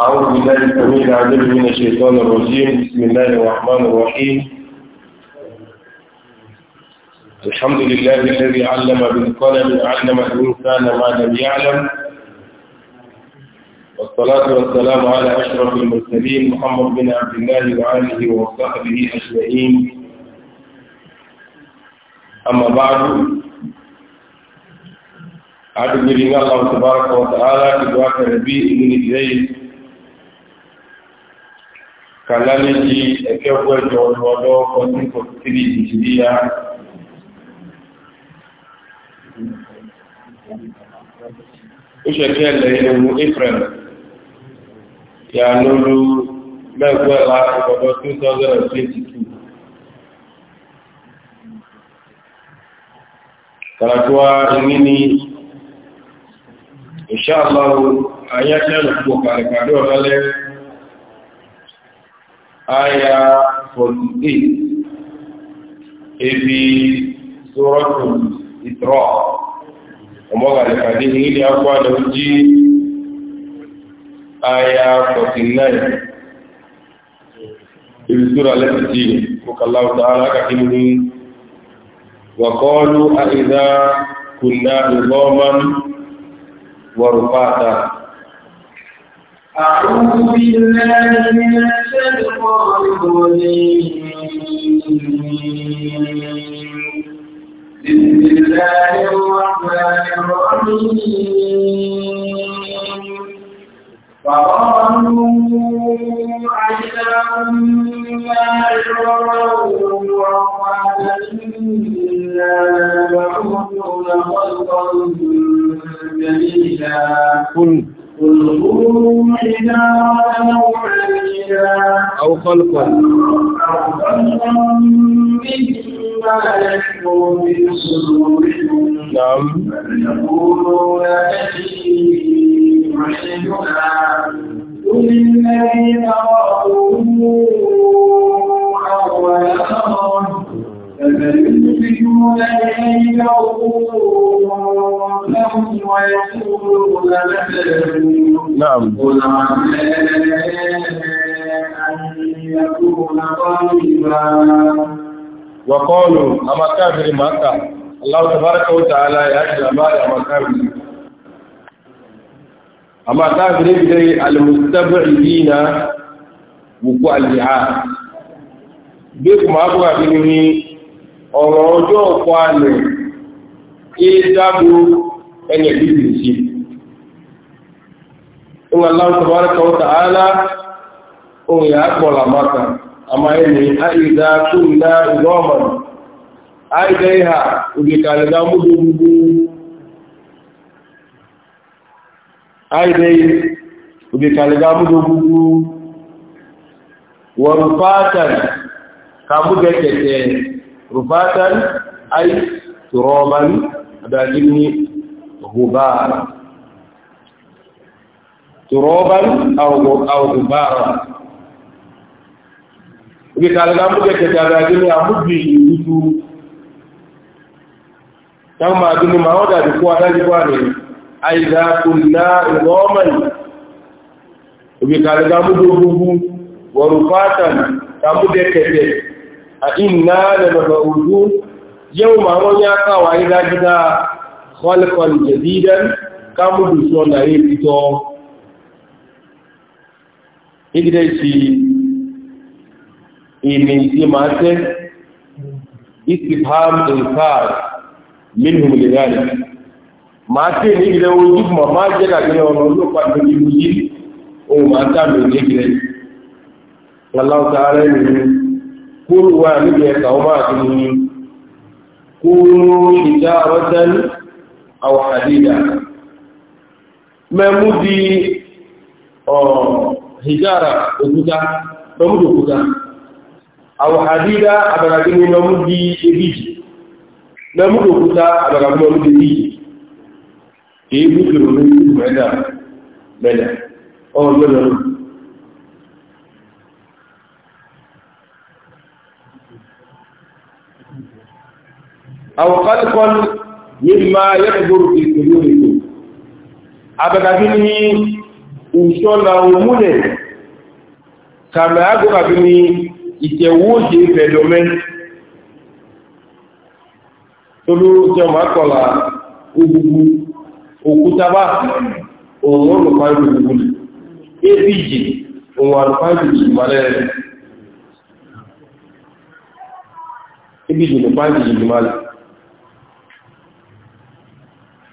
أعوذ بالله السميع العليم من الشيطان الرجيم بسم الله الرحمن الرحيم الحمد لله الذي علم بالقلم علم الإنسان ما لم يعلم والصلاة والسلام على أشرف المرسلين محمد بن عبد الله وآله وصحبه أجمعين أما بعد أدبرنا الله تبارك وتعالى بدعاء ربي من إليه kàlálẹ́jì ẹ̀kẹ́kọ́ ẹjọ́ ọdọ́ọdọ́ 1443 ìjìdíyà ó ṣẹ̀kẹ́ ẹ̀lẹ̀ ohun april ìyà lóru mẹ́gbẹ́lá ọdọ́ 2022 kàràtúwà ìní ni Insha Allah ayé tí ẹ̀rọ púpọ̀ pàdé ọ̀lọ́lẹ́ ayá 48 ebi sórọ́tù ìtọ́ ọmọ pàdé pàdé ní ilé akwá lọ jí ayá 49 ebi sórọ́ alẹ́sì tí kọkànláwọ̀ tààrà kàkínú وقالوا ورفاتا أعوذ بالله من الشيطان الرجيم بسم الله الرحمن الرحيم فقالوا أئذا كنا عظاما ورفاتا إنا لمبعوثون خلقا قل قل أو حديدا أو خلقا أو خلقا مما يكبر في صدوركم نعم يقولون أتي يعيدنا قل الذي تراه أول مرة إليك ويقولون نعم قل عسى أن وقالوا أما كافر مكة الله تبارك وتعالى يأجل ما أما كافر أما كافر يبدأ المستبعدين وقوع الدعاء بكم أبوها بني ọ̀rọ̀ ọjọ́ òpó àmì kí dábò ẹni ìlú sí in Allah tabaraka wa ta'ala ohun ya akpọla maka amma ẹni àìdá tún dá ìgbọ́mọ̀ àìdá ìhà òdìkàlẹ̀ dámú gbogbo àìdá òdìkàlẹ̀ dámú gbogbo wọ̀rùfáàtàn kàmúgẹ̀kẹ̀kẹ̀ rufatan ay turaban adájọ́ ní gubara turaban aw gubara ibi kalaga mu kẹkẹtẹ adájọ́ ní àmúbi ìrújú táwọn máa dúnú máa wọ́n dàbí kó adájọ́ wà ní àìdákùnlá ìrọ́mọ̀lì ibi kalaga mu gbogbo wọ̀rùfátàn tàbí kẹkẹtẹ inna la mabudu yau ma won ya kawa ida gida khalqan jadidan kamu du so na yi fito igide si ini ti ma te istifham inkar minhum lidhalik ma te ni gide wujub ma ma je ka gide ono lo pa ni o ma ta mi ni Allah ta'ala ni kúrò wà níbi ẹ̀kà ọmọ àdúgbò kúrò ìjà rọ́tán àwọn àdídà mẹ́mú di hijara òkúta mẹ́mú di òkúta àwọn àdídà àbàgàgbé ní mẹ́mú di ebíjì mẹ́mú di òkúta àbàgàgbé mẹ́mú di ebíjì èébú kìrò ní ìgbẹ̀dà mẹ́dà ọ̀rọ̀ àwọn kọ́lùkọ́n yìí máa yẹ́gbòrò ìpèlú ìlú abẹ́gàbí ní ìṣọ́nà òmúnẹ̀ kàmà agogàbí ní ìtẹ̀wóòjì ìfẹ̀dọ̀mẹ́ tolú jẹmọ̀ akọ̀lá ogugu òkútaba òun olùkọ́ ìgbògbò apg òun àlùkọ́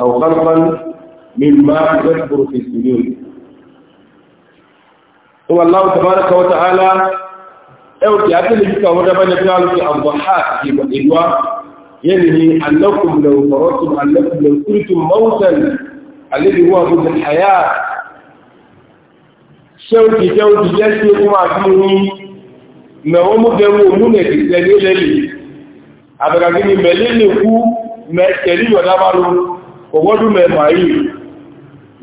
أو خلقا مما يكبر في السجود هو الله تبارك وتعالى أو تعدل بك ودبن في الضحاك في الإدواء ينهي أنكم لو فرضتم أنكم لو كنتم موتا الذي هو ضد الحياة شوكي شوكي يشكي وما فيه نعم ما هو مجموع منك السبيل لي أبقى مليل كو ما تريد ولا owódú mẹ́màáyì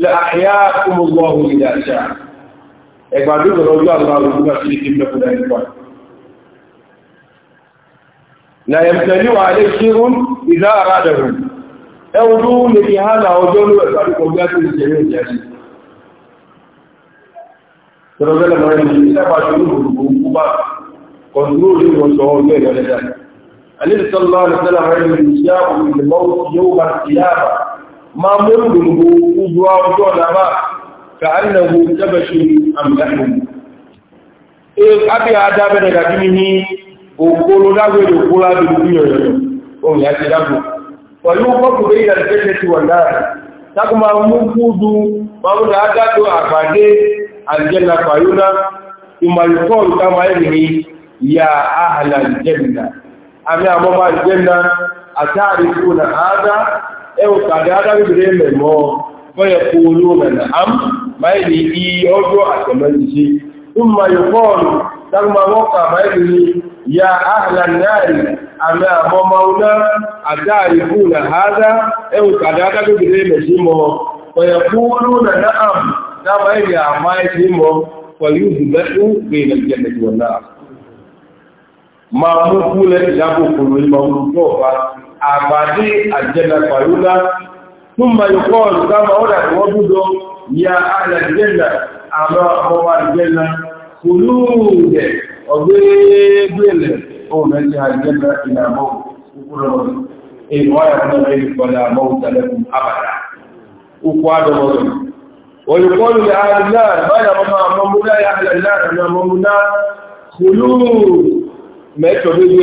lẹ́ àyá kúmọ̀gbọ́ ohun ìdá àṣà ẹgbàdú ìrọ̀lọ́gbà àwọn olùgbà sí ìdí mẹ́kúnlẹ̀ nípa na yẹmtẹ̀lú àlẹ́ ṣírún ìdá àrádẹ̀rù ẹwùdú lè fi hánà ọjọ́ ló ẹgbàdú kọ̀gbà sí ìjẹ̀rẹ̀ ìjẹ̀rẹ̀ Tọ́lọ́gbẹ́lẹ̀ mọ́rin ní ìṣẹ́bàjú olùgbò kúbà, kọ̀dúrò lè wọ́n sọ ọgbẹ́ ìrọ̀lẹ́dà. Àlébìsọ́lọ́ àlẹ́sẹ́lẹ̀ mọ́rin ní ìṣẹ́ òun ìlú mọ́rún yóò bá ti yára معمول بالهبوب وضوء الأماء كأنه جبش أم لحم أبي هذا من قدمه وقولوا له وقولوا له بالدنيا وهم يأتي له ويوفق بين الجنة والنار تكما مفوض ومن أداد أفادي الجنة فيونا ثم يقول كما يرمي يا أهل الجنة أمي أمام الجنة أتعرفون هذا ẹwọ kàdé adágbèrè mẹ̀mọ́ fọ́yẹ̀ kó olóòmẹ̀nà ám máìlì iye ọjọ́ àtẹ̀mẹ́sí ثم يقول ثم وقع بيني يا أهل النار أما ممونا أتعرفون هذا أو كذلك بذلك سيمو ويقولون نعم نعم إلي أعمال سيمو ويذبحوا بين الجنة والنار ما مقولة لابو كل الموضوع àpàdé àjẹ́lẹ̀ pàlúlá túnmà yíkọ́ olùgbàmà ọ́dà tí wọ́n dúdọ ya alẹ́jẹ́lẹ̀ àwọn ọmọ àjẹ́lẹ̀ olóòdẹ̀ ọgbẹ́gbẹ̀lẹ̀ ohun ẹ̀sẹ̀ àjẹ́lẹ̀ ìlàmọ́ ويقول لأهل النار ما يرمى ممنا يا أهل النار أنا ممنا خلود ما يتوفي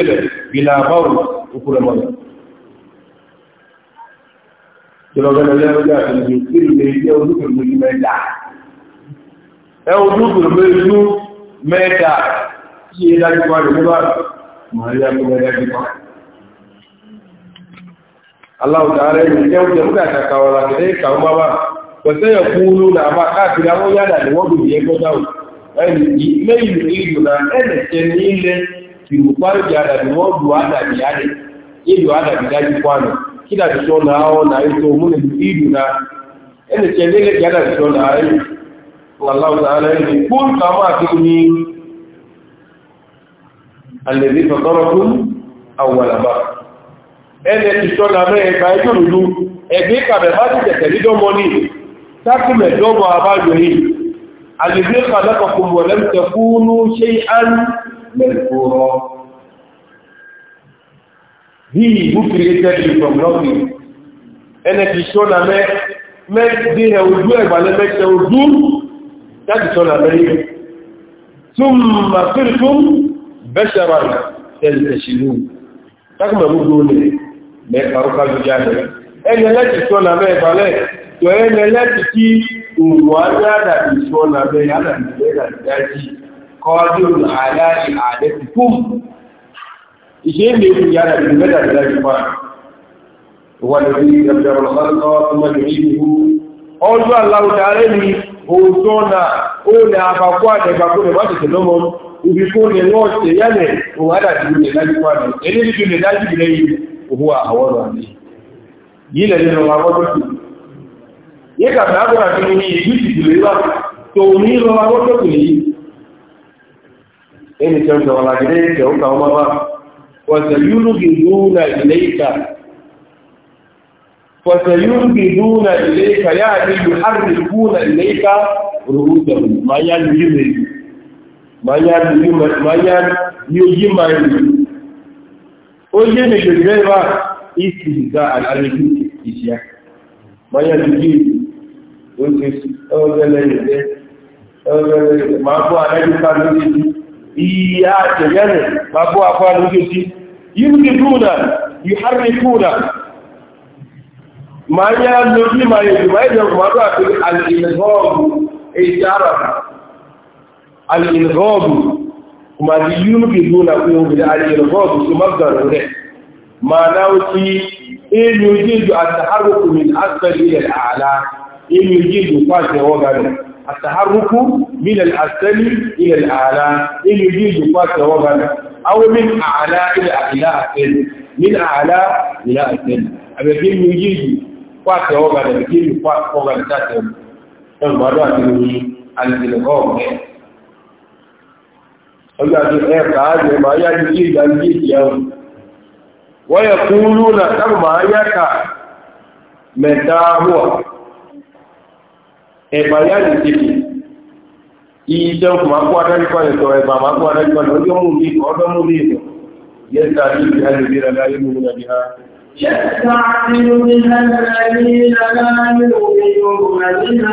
بلا موت وكل ìlọ́gbẹ̀lẹ̀ lẹ́rọ̀lẹ́ àtẹ̀lẹ̀ sí ilé iṣẹ́ ojúkùnrin mẹ́ta ẹ ojúkùnrin mẹ́ta tí é dájúkọ́ rẹ̀ nígbà mọ̀ríyà tó mẹ́ta jíkọ́ aláwọ̀ta rẹ̀ ní jẹ́ oúnjẹ fún àtàkà ọ̀rọ̀ àtẹ̀lẹ̀ ìkàwọn bábá pẹ̀sẹ̀ ẹ̀kún olú làbá káàkiri àwọn yàdà ni wọ́n gbìyẹ gbọ́dáwò ẹni yìí lẹ́yìn ìlú na ẹnẹ̀tẹ̀ ní ilẹ̀ tìrùpá ìjà àdàbí wọ́n dù àdàbí àdẹ̀ ìlú àdàbí dájú kwánù kila tukiona hao na hizo umuni msidi na ene chelele kiada tukiona hayo Allah Ta'ala ni kun kama akini alladhi fatarakum awwala ba ene tukiona me ba hiyo rudu ebe ka be ba ti tele do moni taku me do mo abajo yi alladhi khalaqakum wa lam takunu shay'an madhkura He who created you from nothing. And if you show na me, make the hell do it, but make the hell do, that is all America. ne صرتم بشرا تنتشلون تكما بقول لك أروك الجانب ẹni ẹlẹ́tì tí ó nàbẹ́ ìbálẹ̀ tó ẹni ẹlẹ́tì tí òwò aládàbì tí ó nàbẹ́ aládàbì شيء يكون يعني بالمدى ذلك الفرق ọjọ́ aláwọ̀ tààrẹ ni òótọ́ na ó lè àpapọ̀ àtẹ̀gbàkó lè má tẹ̀tẹ̀ lọ́mọ ibi kó lè wọ́n tẹ̀ yálẹ̀ òun àdàtì lè dájú pàdé ẹni níbi lè dájú lẹ́ yìí òun àwọn ọ̀rọ̀ àti yìí lẹ̀ nínú àwọ́dọ́ tó yìí kàfẹ́ àgbọ̀nà tó ní ìlú ìdìbò lè wà tó ní lọ àwọ́dọ́ وسيلقدون إليك وسيلقدون إليك يعني يحركون إليك رؤوسهم ما يعني يمين ما يعني يمين ما يعني يجمعين وجن الجبهة استهزاء الأرض إشياء ما يعني يجين Máa bọ́ àdájú ká lórí ìyá àtẹ̀yẹ́rẹ̀, máa bọ́ àpá lórí sí ينقذون يحركون ما يلوذي ما يجمعه مرات الإلغام إشارة الإلغام وما ينقذون الإلغام مصدر له معناه إن يجيز التحرك من أسفل إلى الأعلى إن يجيز فاتح وغيره التحرك من الأسفل إلى الأعلى إن يجيز فات وغدا أو من أعلى إلى أسفل من أعلى إلى أسفل أما كين يجيز فات وغدا كين فات وغدا تاتم المرات من الإلغام أجل الإيقاع ما يجيز الجيز يوم ويقولون ترمى يكا متى هو ẹ̀bà yá lè tètè iye jẹun máa kó adájúkọ̀ọ́lẹ̀ tọ ẹ̀bà máa kó adájúkọ̀ọ́lẹ̀ ọjọ́ mú mi ọdọ́ mú mi ìtọ̀ yẹ́ta ní ìlú alẹ́ bí rẹ̀ láyé mú mi nàbí ha. yẹ́ta ní ìlú alẹ́ bí rẹ̀ láyé mú mi nàbí ha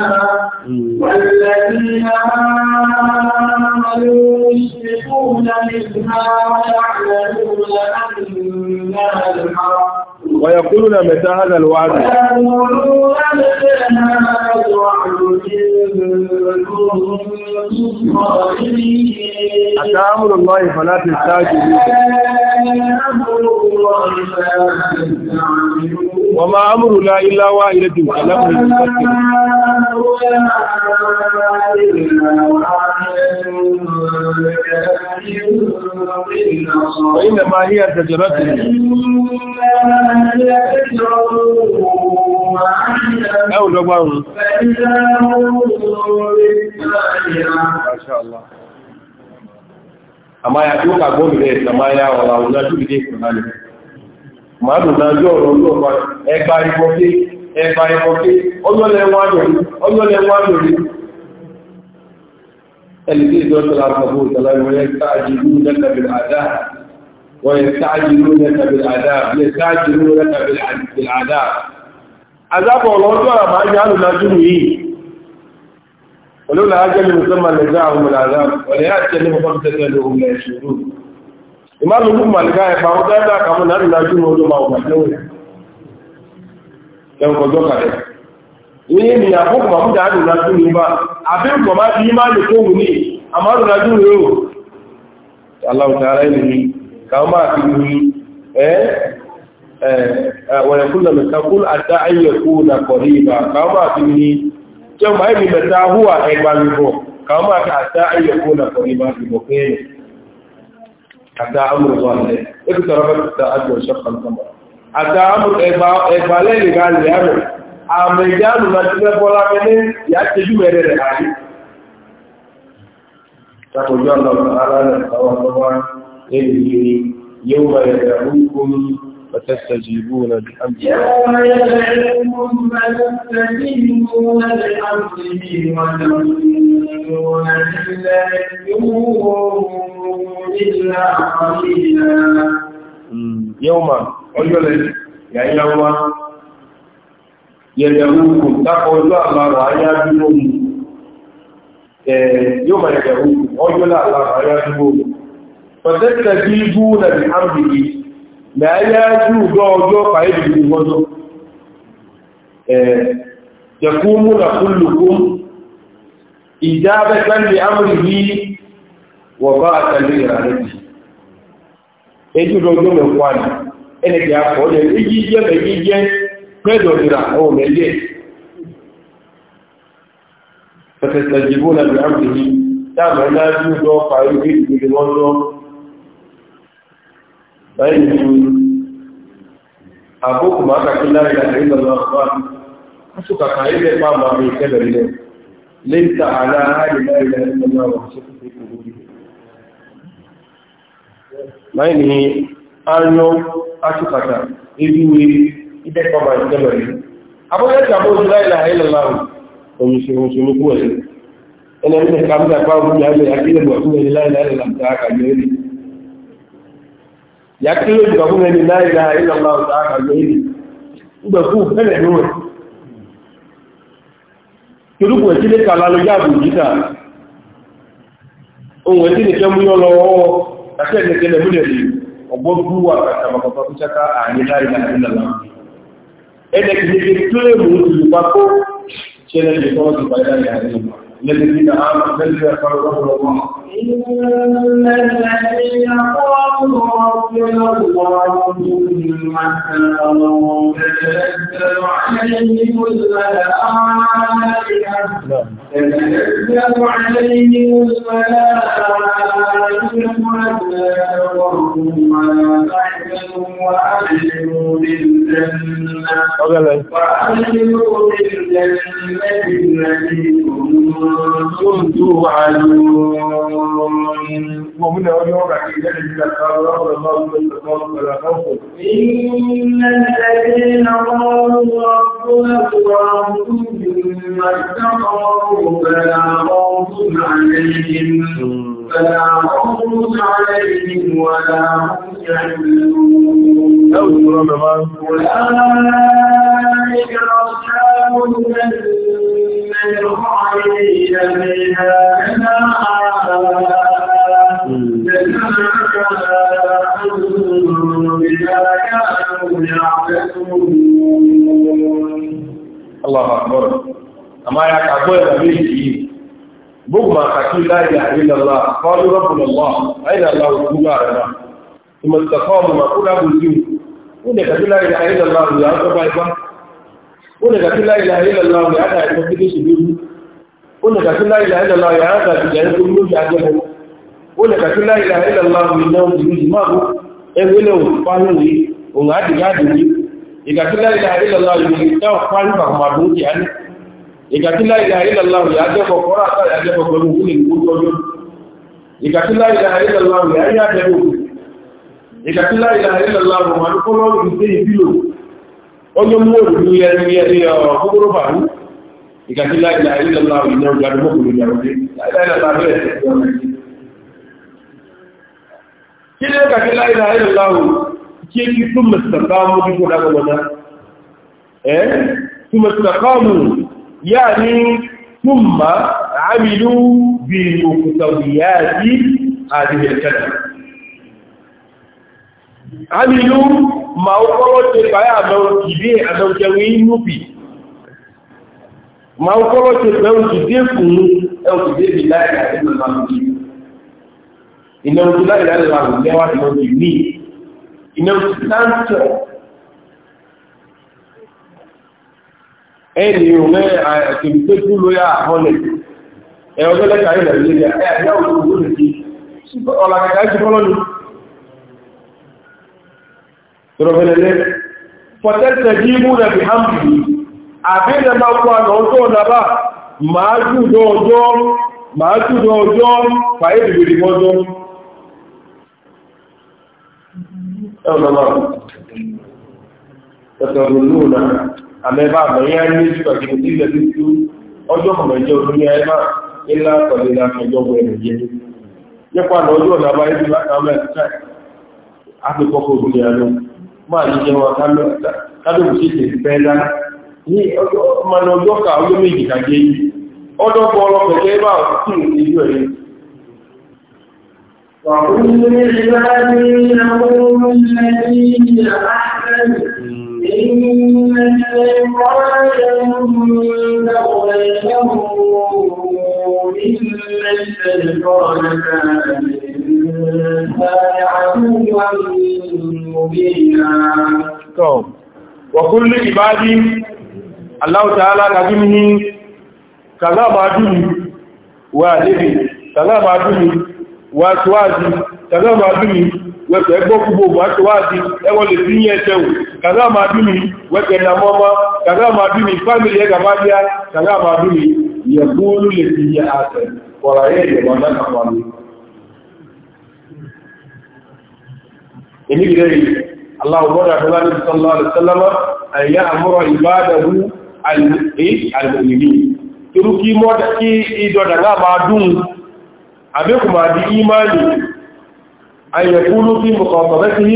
والذين آمنوا يشركون منها ويعلمون أنها الحق ويقولون متى هذا الوعد أتى أمر الله فلا تستعجل وما أمرنا إلا واحدة كلام المفكر وإنما هي تجربة dọ́gba ohun àmáyà tí ó kàgbọ́ ìrẹ́ ìsàmáyà ọ̀rọ̀ àwọn olójúbìdé ìpínlẹ̀ màádùn náà yóò rọ̀ lọ́pàá ẹgbà ìfọ́kí ẹgbà ìfọ́kí ọlọ́lẹ̀wọ́n ọkụ azábọ̀ ọlọ́jọ́ àbá yàrù lájúrù yìí olóòlà ajẹ́lẹ̀ musamman lè dá àwọn ọmọlára ọ̀lẹ́ àtẹ́lẹ̀ mọ́kànlẹ̀ lóhun lẹ́ ṣòro ìmáàlù fún màlìká ẹ̀fà ó dáadáa kàmù láti lájúrù ọjọ́ máa wà lẹ́wọ̀n lẹ́nkọjọ́ kalẹ̀ ìyẹ́ ni àkókò màmúdà àdùn lájúrù bá àbẹ́kọ̀ má ti ويقول لهم تقول أتى أن يكون قريبا كما أتمني كما أمي متى هو أيضا كما أتى أن يكون قريبا في مكين أتى أمر ظاهر اقتربت الساعة وشق القمر أتى أمر إقبالين قال لي أمر أمريكان ما تقول لك يأتي جميل رحالي تقول الله تعالى نسأل الله إليه يوم يدعوكم فتستجيبون بحمده أيوة. يوم يدعوكم فتستجيبون بحمده وتنظرون إلا إلا قليلا يوم أجل إيه، يوم يدعوكم تقول أيوة. الله رعايا بنوم يوم يدعوكم أجل الله رعايا بنوم فتستجيبون بحمده na ya ju ugo ọjọ́ ka e bidoro ngodo eh na kullukum ijabatan li amrihi wa ba'atan li iradatihi e ju dojo me kwani e ene ti afọ de ejije me ejije pedo dira o me je ta ma na ju ugo ka e bidoro lẹ́yìn ju àbókù máa kàkí lárí àti ìlọ́lọ́ àpá aṣùkàkà ilẹ̀ pàmà mi ìkẹlẹ̀ ilẹ̀ lẹ́ta àlá àárí lárí àti ìlọ́lọ́ àwọn aṣọ́kùnrin kòkòrò lẹ́yìn ni aáyán aṣùkàkà ewúwe ilẹ̀ pàmà ìkẹlẹ̀ ilẹ̀ abọ́lẹ́tì àbókù lárí àti ìlọ́lọ́ àwọn òṣèlú kú ẹ̀ ya kéré jù àwọn ẹni na ìlànà ọ̀tá àgbàgbé yìí gbẹ̀kú bẹ̀rẹ̀ lóòrè torúkù ẹ̀tí lè kàlá lọ yáàbù jíta a ẹ̀tí lè kẹ́ múyọ́ lọ ọwọ́ àti ẹ̀kẹ́kẹ́lẹ̀ múlẹ̀ sí ọgbọ́ gúwà àtàbàkọ̀kọ̀ tó ṣáká للذين آمنوا الذين قالوا ربنا الله إن الذين قالوا ربنا الله ثم استقاموا تتنزل عليهم الملائكة تتنزل عليهم الملائكة ولا تقرهم على تحزنوا وأعلنوا بالجنة وأعلنوا بالجنة التي كنتم كنتم توعدون ومن اليوم عيدا قال الله فلا خوف إن الذين قالوا ربنا الله ثم اتقوا فلا خوف عليهم فلا خوف عليهم ولا هم يحزنون أولئك أصحاب الجنة الخالدين فيها جزاء جزاء بما كانوا يعملون الله أكبر أما يكعبون به بغما حكي لا إله إلا الله قالوا ربنا الله أين الله كبارنا ثم استقاموا ما قل أبو الزيو ونكتب لا إله إلا الله يا أبو ó lè dàbí láìlà ìlàlá ọ̀rẹ́ àdá ẹ̀kọ́ tí kéṣe lórí ó lè dàbí láìlà ìlàlá ọ̀rẹ́ àdá ìjà ẹ̀kọ́ lórí àjẹ́lẹ̀ ó lè dàbí láìlà ìlàlá ọ̀rẹ́ iná òbìnrin yìí máa bú ẹgbẹ́lẹ̀ òfánúwé òun àdìgáàdìní ìgbàtí láìlà ìlàlá àtàrí àjẹ́kọ̀ onye mmụọ oriri ya ndị ya ndị ya ọhụrụ ba anyị ìgbàtí láìlà ìlàlá ìlànà ìgbàdùmọ̀ kò lè yàrá dé láìlà bẹ́ẹ̀ kí ni ó kàkí láìlà ìlàlá kí kí túnmọ̀ sàkámù bí kò dágbà mọ́ná ẹ́ túnmọ̀ sàkámù yà ní túnmọ̀ àmìlú bí òkùtàwìyà sí àdìyẹ̀ mawukɔlɔtseƒe amewo dzi ɖe amewo dze ŋu yi nubi mawukɔlɔtseƒe wo dzi ɖe funu ewo dzi ɖe bi la yi ati ma ma mi ìnáwó láti láti la wò lẹ́wà ìnáwó ti ní ìnáwó ti láńtọ̀ ẹni òwe àtẹ̀lẹ́tẹ̀kú lóyà àhọ́nẹ̀ ẹ̀ ọjọ́ lẹ́ka ilẹ̀ ìlẹ́yà ẹ̀ àjẹ́ òkú òkú òkú ọ̀làkàkà ti fọ́lọ́nù ìrọ̀fẹ́lẹ́lẹ́ fọ̀tẹ́tẹ̀ bí mú rẹ̀ bí hàmì àbílẹ̀ máa kọ́ ànà ọjọ́ ọ̀nàbà máa jùdọ ọjọ́ máa jùdọ ọjọ́ fàíbìbìrì mọ́jọ́ ẹ̀ọ̀nàmà ẹ̀sọ̀rọ̀ lóòrùn àmẹ́bà àmẹ́yà máa ní jẹ wọn kálòkù sí ti fẹ́ dáná ní ọmọdé ọjọ́ ká ọjọ́ méjì kàjé yìí ọdọ́ bọ́ ọlọ́pẹ̀ẹ́ bá sí ìlú ẹ̀yìn وقل للإنسان عدوا مبينا وكل عبادي الله تعالى كظمه كذا عدوي والدي كذا عدوي wàtíwáàdì kàzáàmàdúnmí wẹ́pẹ̀ ẹgbọ́kúgbò wàtíwáàdì ẹwọ́n lè sí ní ẹ̀ṣẹ̀wò kàzáàmàdúnmí wẹ́pẹ̀ ẹ̀nàmọ́mọ́ kàzáàmàdúnmí fámílì ẹgbàmájá kàzáàmàdúnmí yẹ̀gbóòlù lè fi yẹ àtẹ̀ kọ̀rọ̀ ayé ìjẹ̀mọ̀ náà kàfàmì èmi ìrẹ́rì aláwọ̀bọ́dà tọ́lá ní sallallahu alaihi wasallam àyà àmúrọ̀ ìbádàrú alìmìnì irú kí mọ́dá kí ìdọ̀dà náà máa dùn àbíkù máa di ìmáàlì àyẹ̀kúlú kí mọ̀kànlọ́sí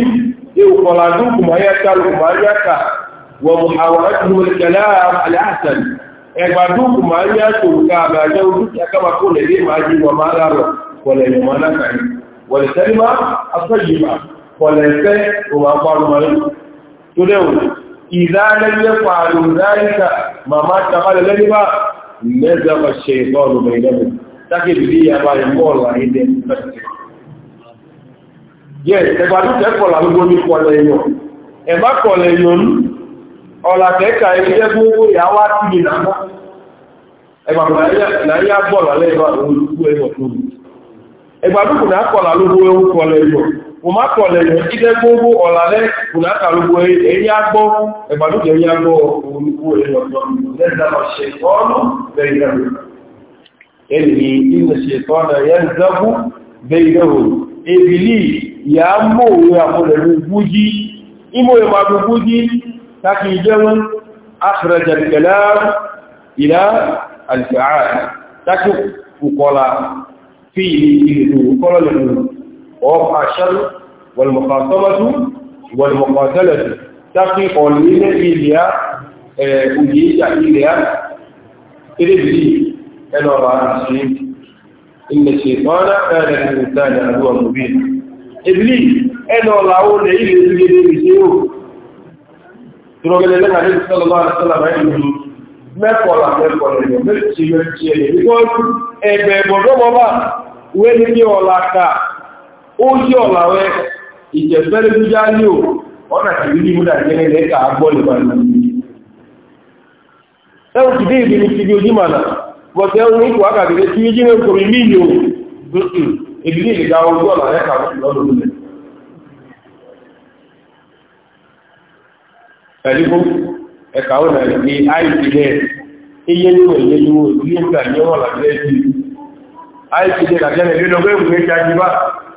yíò kọ̀lá dùnkù máa yáta lùkù kwalẹ̀fẹ́ òwà pàrùmọ̀lẹ́ tó dẹ̀wò ìdálẹ́gbẹ́ pàrùn dáríkà màmá tàbálẹ̀ lẹ́gbà mẹ́zàmà ṣe ìbọ̀lù mẹ́lẹ́mù tákìlì àbáyẹ̀ mọ́ọ̀lù àìdẹ̀ Ẹgbàdúkù náà kọ̀lá ló wó ẹwú kọlẹ̀ ìbọ̀ òmákọ̀lẹ̀ yọ ìdẹ́ gbogbo ọ̀làlẹ́ bùnátà gbogbo èyí agbọ́ ẹgbàlódé èyí agbọ́ olùkú èyí ọ̀dọ́ lẹ́zàmà ṣe tọ́ọ̀nù lẹ́yìnàmù ẹni inú ṣe tọ́ọ̀nà yẹn zẹ́bú bẹ́yìnàmù ebìlì yà á mọ́ òwe àpọ̀lẹ̀ fi ìlú kọ́lọ̀lẹ̀ وهم الشر والمخاصمة والمقاتلة تقي قولين إليا أجيج إليا إليه أنا رأسين إن الشيطان كان الإنسان عدوا مبين إبليس أنا رأوا لإلي إليه بسيوه تروغل لنا عليه صلى الله عليه وسلم mẹ́kọ̀ọ́lá mẹ́kọ̀ọ́lá mẹ́kọ̀ọ́lá mẹ́kọ̀ọ́lá mẹ́kọ̀ọ́lá mẹ́kọ̀ọ́lá mẹ́kọ̀ọ́lá ó yí ọ̀làwẹ́ ìjẹ̀fẹ́rẹ́ tó já ní ò ọ̀nà tí ní múdà jẹ́rẹ́ lẹ́ka agbọ́lẹ̀ bá ní ẹwọ́n ti dé ìdí ní ti di ojímọ̀nà bọ̀tẹ́ ẹwọ́n ní kò ágàgẹ́gẹ́ tí yíjí ní kòrò ní ìlú ìbí ní ìdá ojú ọ̀là lẹ́ka lọ́dún ẹ̀lígbó ẹ̀ka ó nà ní iye níwọ̀ iye níwọ̀ ìdílé ìgbà ní ọ̀là lẹ́yìn àìsí lẹ́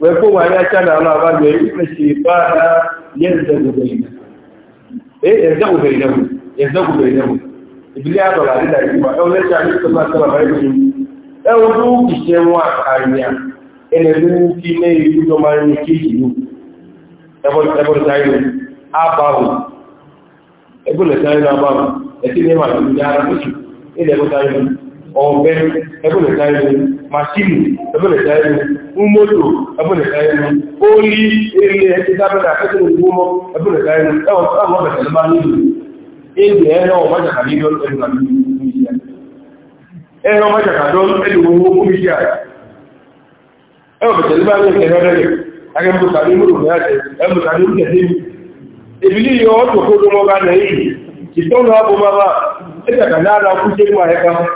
wai koma ya kada ma ba da yi ina ce ba na yanzu gudaina eh yanzu gudaina mu yanzu gudaina mu ibili ya bala da yi ba ɗau zai shafi su masu rama yi su ɗau du kishe wa kariya ina dun ki ne yi gudu ma ne ke shi yi ɗabar tayo a babu ɗabar tayo na babu da ki ne ma da gudu ya rafi shi ina ɗabar tayo ọ̀bẹ ẹgbẹ̀lẹ̀ta ẹni masínì ẹgbẹ̀lẹ̀ta ẹni mọ́tò ẹgbẹ̀lẹ̀ta ẹni ó rí ilé ẹti dábẹ̀rẹ̀ ya ìgbómọ́ ẹgbẹ̀lẹ̀ta ẹni ẹwọ̀n ọmọ bẹ̀rẹ̀ lọ́mọ nílùú ya ẹ̀rọ ọmọjàkàdọ́ ẹlùwọ̀n owó kúmíṣíà ẹwọ̀n bẹ̀rẹ̀ lọ́mọ ẹ̀rọ rẹ̀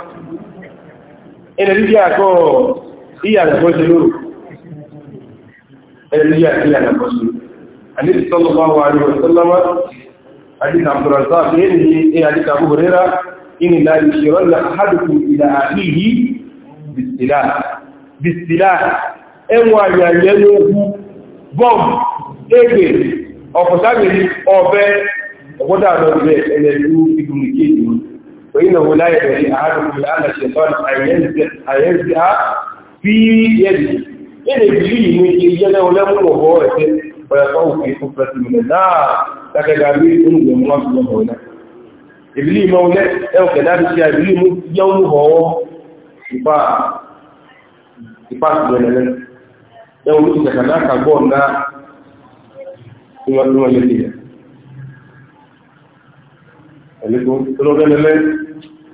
ẹlẹ́dí àkọ́ ìyàgbọ́sílò ẹlẹ́dí àti ìyàgbọ́sílò àdíkì sallallahu alaihi wasallama àdíkì Abdurrazzaq ní àdíkì Abu Hurairah inú láì ṣìrọ́ ní àhádùkù ìlà àríyí bìsìlá ẹwọ̀n àyàyẹ́lú bọ́m ẹgbẹ̀ ọ̀pọ̀sáàgbẹ̀ ọ̀bẹ ọ̀pọ̀dà lọ́gbẹ̀ ẹlẹ́dú ìdùn فإنه لا يبغي أحدكم الآن الشيطان أن ينزع في يده إن إبليس من يجعله لم هو ويقع في حفرة من النار لكن أبي أن يمر هنا إبليس مولى أو كذلك إبليس يوم هو إبا إبا سبحانه يوم يتكلم كبرنا ثم ثم يليه. Alaikum. Tolong kan lelaki.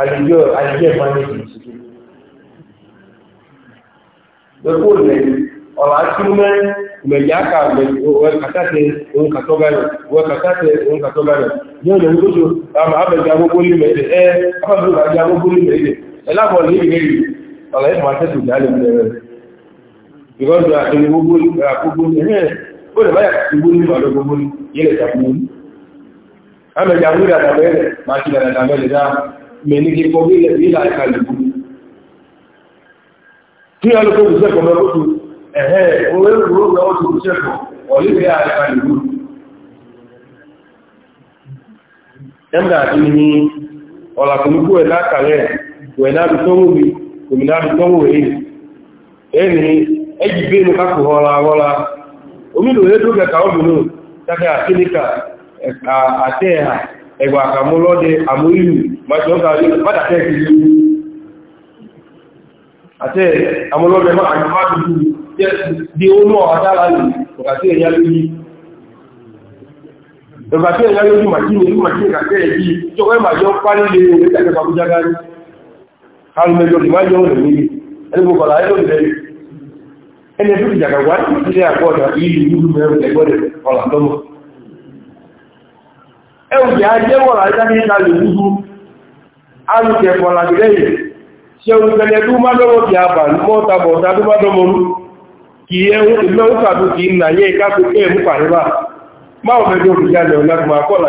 àlejò àlejò ẹ̀fọn ní ìsìnkú gbogbo ilẹ̀ ọ̀la tí ó mẹ́ ìmẹ̀jẹ̀ aka òwe kàtàtẹ̀ òun kàtọ́gàrẹ̀ òwe kàtàtẹ̀ òun kàtọ́gàrẹ̀ ní ọ̀nà ìgbóṣò àmà abẹ̀jẹ̀ agbógbó ní mẹ́ẹ̀dẹ̀ ẹ́ abẹ̀jẹ̀ àjẹ́ agbógbó ní mẹ́ẹ̀dẹ̀ ẹ̀lábọ̀ ní ìrẹ́rì ọ̀la ìmọ̀ àtẹ́tù ìdálẹ̀ ìrẹ́rẹ̀ ìrọ́jọ àtẹ́ni gbogbo àgbógbó ní ẹ̀ ó lè báyà gbogbo ní ìbàdàn gbogbo ní ilẹ̀ ìjàkúrú mẹ́ni kí kọ́ nílà ẹ̀ka ìlú kí a ló kó ìṣẹ́kọ̀ọ́ mẹ́kútù ẹ̀hẹ́ orí ìrò lọ́wọ́ tó ìṣẹ́kọ̀ọ́ ọ̀lẹ́gbẹ̀ ẹ̀ka ìlú ẹ̀mdà àti ní ọ̀làkùnlúkú ẹ̀ lákàrẹ̀ wẹ̀nàbí tó wù mí òmìnàbí tó wù èyí ẹni ẹjì bí inú kákù họla họla omínú èdè tó kẹta ọmọ náà tàbí àtíníkà àtẹ́ẹ̀hà ẹgbà àkàmú lọ́dẹ àmúrìlù mọ́tàkì àti àmúlọ́dẹ àmúhàdùkú di olú ọ̀dára lè ọ̀gàtí ẹ̀yà lórí ọ̀gàtí ẹ̀yà lórí màkínú ní màkínú kàtẹ́ ẹ̀bí tó wẹ́ màá jọ parí lè orílẹ̀-èdè pàkújá gárí kálùmẹ́jọ lè má jọ rẹ̀ nílé ẹni gbogbo àlàyé lórí ẹni ẹ̀fẹ́ ìjàkàgbà ilé àkọ́ọ̀dà ìlú ìlú mẹ́rin ẹgbọ́dẹ̀ ọ̀làtọ́mọ̀ ẹ̀wùjẹ́ ajé wọ̀rọ̀ ajánìta lè gúgú alùjẹ̀ fọ̀làgbẹ̀lẹ́yìn ṣe òṣèlẹ̀ tó má lọ́wọ́ bí àbà mọ́tàbọ̀ta tó má dọ́mọrú kì í ẹ̀wùn ìlọ́wọ́sàdó kì í nàyẹ ìkápẹ́kẹ́ ẹ̀mú pàríwà máa ọ̀fẹ́dọ̀ òrùjálẹ̀ ọ̀lágbà kọ́lá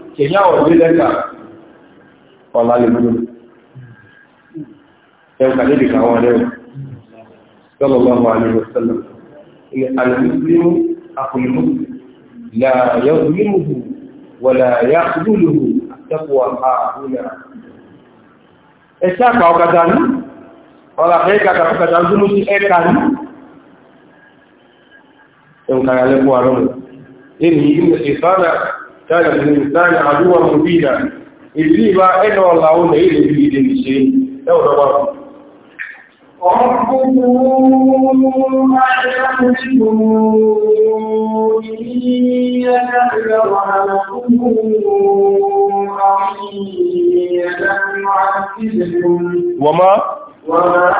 èyàn ọ̀dé lẹ́ta ọ̀lá lè múlò ẹ̀rù kàdébì káwọn lẹ́rù sallallahu alaihi wasallam ilẹ̀ alìmúsílímù akùnlùmù láyé olúmùhù wà láyé olúmùhù àtẹ́kùwà ààrùnà ẹ̀ṣẹ́ àkà ọkàdà ní ọ̀lá ẹ̀ẹ́kà kàkàkàdà ọdún sí ẹ̀ẹ́kà ní كان الإنسان عدوا مبينا إذيبا إن والله نعيد في دين شيء لو نبارك ربكم أعلم بكم إن يتأذر عنكم أن يتعذبكم وما وما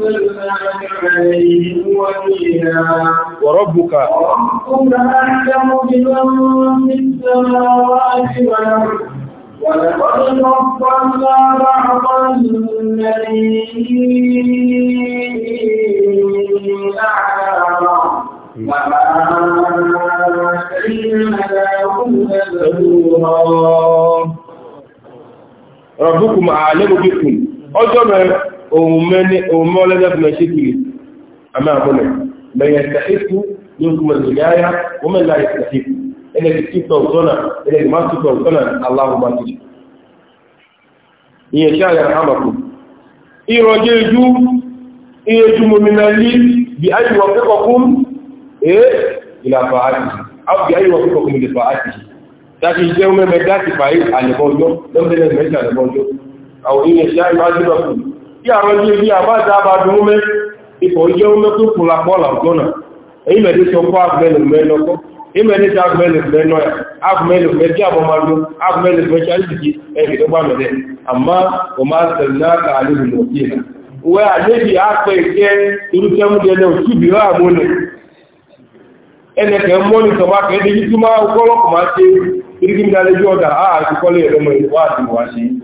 عليهم وربك وربك أعلم بمن في السماوات والأرض ولقد فضلنا بعض النبيين ربكم أعلم بكم ọjọ́ mẹ́rin ohun mẹ́ni ohun mọ́lẹ́dẹ́ fún ẹṣẹ́ kiri àmì àmúlẹ̀ mẹ́yẹ ṣàkíkú ní oṣù mẹ́lẹ́gáyá wọ́n mẹ́lá ìṣàkíkú ẹlẹ́gbẹ̀ títọ̀ sọ́nà ẹlẹ́gbẹ̀ má títọ̀ sọ́nà aláwọ̀má títì ìyẹn ṣáà yàrá àmàkù ìrọ̀jẹ́ ojú iye ju mọ̀mìnà lé bí ayíwọ̀ pẹ́kọ̀kún èé ìlàfà áti bí ayíwọ̀ pẹ́kọ̀kún ìlàfà áti àwọn èèyàn ṣe àìbájúdọ̀kù tí àwọn ilé bí àbájá àbájú mẹ́ ipò jẹ́ omi tó kù lápọ̀ làgbọ́nà èyí mẹ́rin tí ọkọ̀ agbẹ́lẹ̀ dị ìmẹ́rin tí agbẹ́lẹ̀ mẹ́nọ́yà agbẹ́lẹ̀ mẹ́kí àbọ̀mọ́dún agbẹ́lẹ̀ mẹ́kí máa máa ṣe ọ̀dà àà àti kọ́lẹ̀ ẹ̀rọ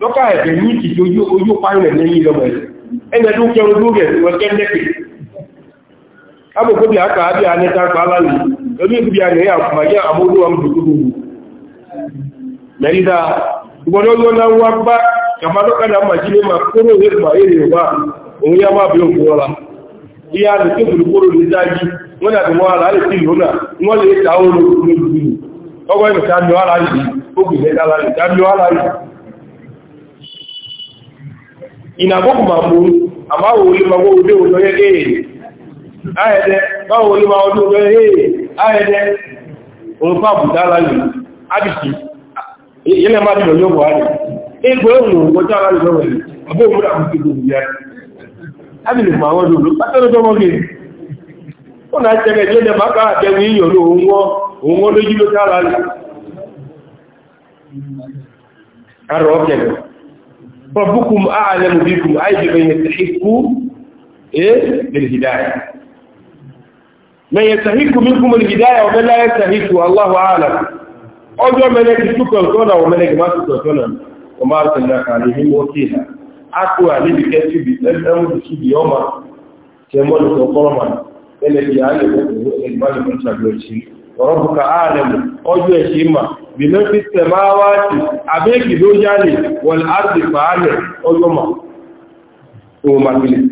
dọ́kà ẹ̀bẹ̀ ní ìtìjú ojú ojú pàrẹ̀ lẹ́yìn lọ́mọ ẹ̀sẹ̀ ẹni ẹ̀dún kẹrùn lórí ẹ̀sẹ̀ wọn kẹ́ lẹ́pẹ̀ abòkóbi àkà àbí anẹta pàálàlì lórí ìbí àrẹ̀ àkùnmáyé àmúrú ọmọ ìdókòwò mẹ́rídà ìgbọ́dọ̀ yóò náà wá gbá kàmá lọ́kàdà màjílé ma kóró ìrẹ́kùnmá ìnàbọ́kù máa mú àmáwò olímọ̀wó odé olóyẹ́ Ha ayẹ́dẹ́ báwo olímọ̀ ọdún ha èèyàn ayẹ́dẹ́ òǹfà bùdá láyé ábìsì ilẹ̀ máa dìlọ yóò buhari egbò ẹ̀rùn òǹkọjá aláyé lọ́wọ́ ya ha ربكم أعلم بكم أي بمن يستحق إيه للهداية من يستحق منكم الهداية ومن لا يستحق الله أعلم أجو ملك تكرتنا وملك ما تكرتنا وما أرسلناك عليهم وكيلا أكو عليك كتب الأمر بسيب يوما كما نتقرما إلى في عالم المال من شاكل الشيء ọ̀rọ̀bùkà ààrẹ̀mù ọjọ́ ẹ̀ṣì ma bìnú fi tẹ̀máwáàtì àbẹ́kì ló yálè wọ́n láti fàálẹ̀ ọlọ́mà ohun makilẹ̀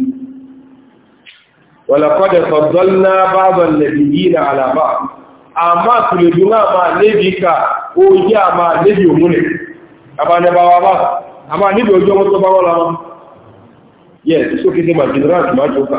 wọ́lọ̀kọ́dẹ̀ fọ̀dọ́lná bábọn lẹ̀bí yìí na àlàbà àmá kùlẹ̀dù náà máa lébi ka ó yá máa lébi òmúnẹ̀ abánẹbáwá bá àmá níbi ojú ọmọ tó bá wọ́n lọ́wọ́ yẹ́ sókè sí màjìdíràn máa jókà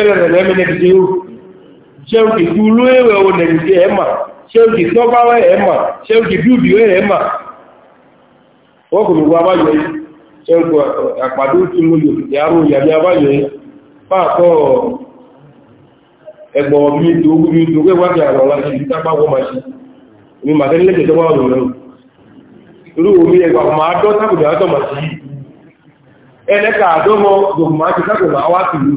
ẹrẹ̀rẹ̀ lẹ́mí nẹ́gbẹ̀dẹ́ ó ṣẹ́ùkì dúró ẹ̀wẹ̀ o nẹ́gbẹ̀dẹ́ ẹ̀mà ṣẹ́ùkì tọ́báwẹ̀ ẹ̀mà ṣẹ́ùkì bíbí ẹ̀mà wọ́n kò gbogbo abájọ́ yìí ṣẹ́ùkì àpàdó tí mo lò yàrá ìyàmí abájọ́ yìí pàtó ẹgbọ̀ mi tó gbogbo ìdókè wákì àrọ̀ láti ìdí tápá wọ́n máa ṣe mi màtẹ́ nílẹ̀ tó wà lọ́rọ̀ irú omi ẹgbà máa dọ́ sábùdà àtọ̀ màṣí ẹlẹ́ka àdọ́mọ gbogbo máa ti sábùdà wá sí ìlú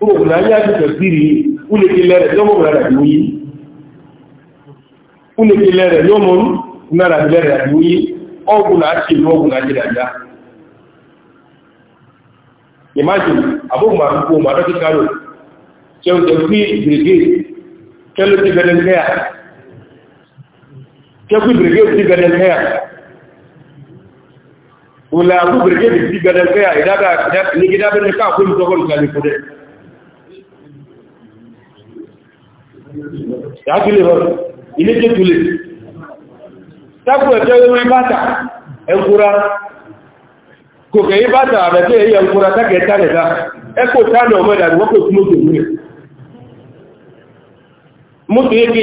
kúrò ní ayé àtúntò síri úlẹ̀kílẹ̀ rẹ̀ yọ́mọ̀ rẹ̀ àdìwúyí úlẹ̀kílẹ̀ rẹ̀ yọ́mọ̀ rẹ̀ àdìwúyí ọgùn àti ìlú ọgùn àti dàjá imagine abúgbà púpọ̀ màdọ́ ti kárò ṣe ń tẹ̀kí brigade kẹlú ti bẹ̀rẹ̀ mẹ́à kẹkú brigade ti bẹ̀rẹ̀ mẹ́à òlà àbú brigade ti bẹ̀rẹ̀ mẹ́à ìdábẹ̀ ní káàkiri tọ́kọ̀lù kàlẹ̀ fọ́dẹ̀ Ìyájúlé lọ́rọ̀, ilé kéjúlé. Tákù ẹ̀tọ́ orí bàtà, ẹnkúra, kòkè yí bàtà àbẹ̀tẹ́ èyí ẹnkúra tákẹ̀ tánẹ̀dá, ẹkò tánà ọmọ ìdàrí wọ́n kò túnmọ̀ tòun rẹ̀. Mọ́tò yé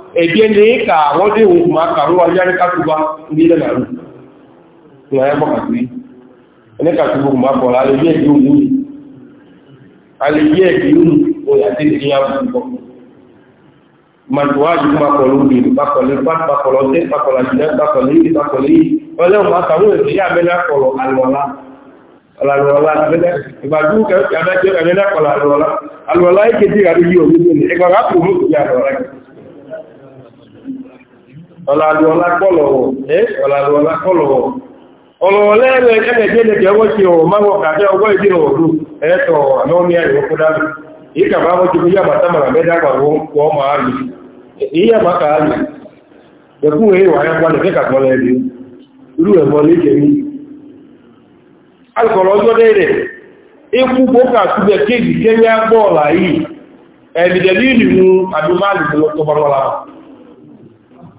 ẹgbẹ́ ní kà wọ́n dé òun máa kàró ayárí kátúbá ní ilẹ̀ nàrú ní ayẹ́bọ̀ kàtúrí ẹni kàtúbá kò máa bọ̀rọ̀ alẹ́ yẹ́ ìlú òun alẹ́ yẹ́ ìlú òun àti ìdíyà púpọ̀ màtúwájú máa pọ̀ lórí ìpapọ̀lẹ́ pàpọ̀lọ́ tẹ́ pàpọ̀lọ́ jìdá pàpọ̀lẹ́ yìí pàpọ̀lẹ́ yìí ọlẹ́wọ̀n máa kàró ìdíyà mẹ́lá kọ̀rọ̀ alọ́lá alọ́lá ìgbàdúrú kẹ́kẹ́ abẹ́jọ́ ẹ̀mẹ́lá kọ̀rọ̀ alọ́lá alọ́lá ìkéjì àríyí òun ní ẹgbàrá kò mú ìyá alọ́lá ọ̀làdù ọlákọ́lọ̀wọ̀ ẹ́ ọ̀làdù ọlákọ́lọ̀wọ̀ ọ̀lọ̀wọ̀ lẹ́rẹ̀ ẹgbẹ̀gbẹ̀ ọwọ́ ti ọ̀rọ̀ máwọ̀ kàfẹ́ ọwọ́ ìdí ọ̀rọ̀ ẹ̀ẹ́tọ̀ àmọ́mí àìwọ̀kúdárù ìkàbá wọ́n ti fi yàbàtà màrà mẹ́dàgbà wọ́n máa rí ìyàbàtà rí ẹkùn èèwà ayápá lè fẹ́ kàgbọ́n lẹ́rí irú ẹ̀mọ́ lè jẹ́ ní alùkọ̀lọ́ ọjọ́ dẹ́rẹ̀ ikú bókà túbẹ̀ kéèkì kẹ́yà bọ́ọ̀lá yìí ẹ̀mìdẹ̀lì ìlú àdúmálì lọ́tọ́bọ̀lọ́lá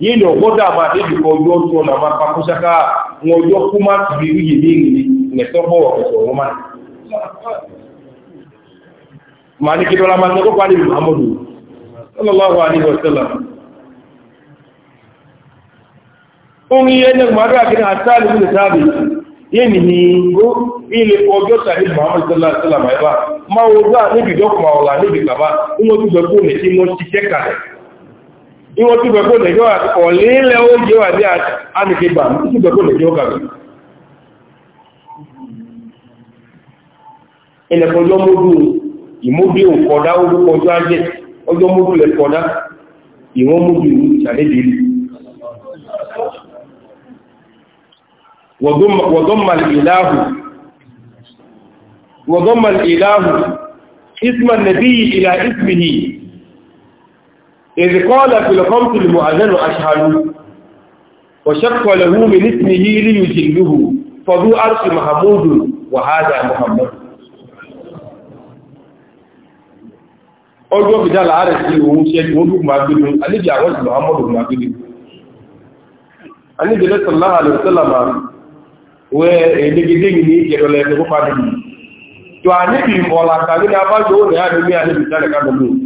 yendo koda ma debi ko yo to na ma pa kusaka ngo yo kuma tibi yi ningi ne to bo ko so ma mani ki dola ma ko kwali muhammadu sallallahu alaihi wasallam on yi ne ma da kin asali bin sabi yemi ni go ile ojo sahi muhammadu sallallahu alaihi wasallam ba ma o ga ni bi dokumaola ni bi kaba ngo tu do ko ni ti mo ti cheka iwọ tí bẹ̀kọ́ lẹ́jọ́ ọ̀lẹ́lẹ́ ó jẹ́ wà ní àmìkébà tí bẹ̀kọ́ lẹ́jọ́ kàrí ẹlẹ́kọ́ ọjọ́ módú ìmódé òkọ̀dá orúkọ ọjọ́ ajé ọjọ́ módú lẹ́kọ̀dá ìwọ́n módú ìṣàlẹ́dìrí wọ̀gọ́mà إذ قال في الخمس المؤذن أشهد وشق له من اسمه ليجله فذو أرش محمود وهذا محمد ọjọ́ ìdá láàrẹ̀ sí òun ṣe ìwọ́dún magbínú alìbí àwọn ìlú amọ́dù magbínú alìbí lẹ́sọ̀lá alìsọ́làmà wẹ́ ẹ̀lẹ́gẹ́dẹ́ yìí ní ìjẹ̀rọ̀lẹ̀ nìyí tó a ní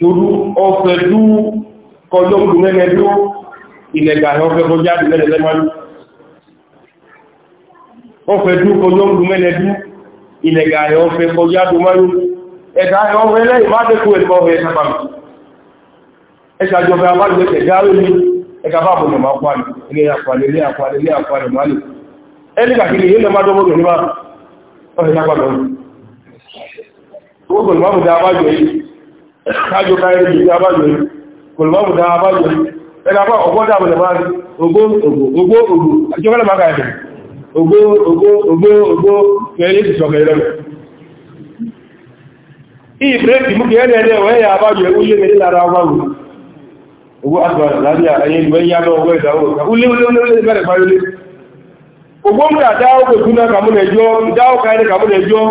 torú ọfẹ́ lú kọjọ́ gbùnẹ́gẹ́ ló ìlẹ̀gà ọfẹ́ kọjá lẹ́lẹ̀ lẹ́mọ́lú ọfẹ́ lú kọjọ́ gbùnẹ́gẹ́ lú ìlẹ̀gà ọfẹ́ kọjá lẹ́mọ́lú ẹ̀gà ọfẹ́ lẹ́yìn má tẹ́kù ẹ̀kọ́ ọfẹ́ sábàmì ẹ̀ṣàjọba abájẹ́kẹ̀ gáwé ní ẹ̀ka bá bọ̀nà máa pàdé ilé àpàdé ilé àpàdé ilé àpàdé máa lè ẹni kàkiri ilé máa dọ́gbọ́gbọ̀ ní máa ọ̀fẹ́ lápàdọ̀ ó gbọ̀nà máa bọ̀dá abájọ yìí kájọ káyẹ jù ní abájọ yìí kòlùmọ́bù dá abájọ yìí ẹgbẹ́ apá ọgbọ́n dáàbò lè máa ogbó ogbó ogbó ogbó ogbó ti ìyí mú lé lára ogbó ìdáwó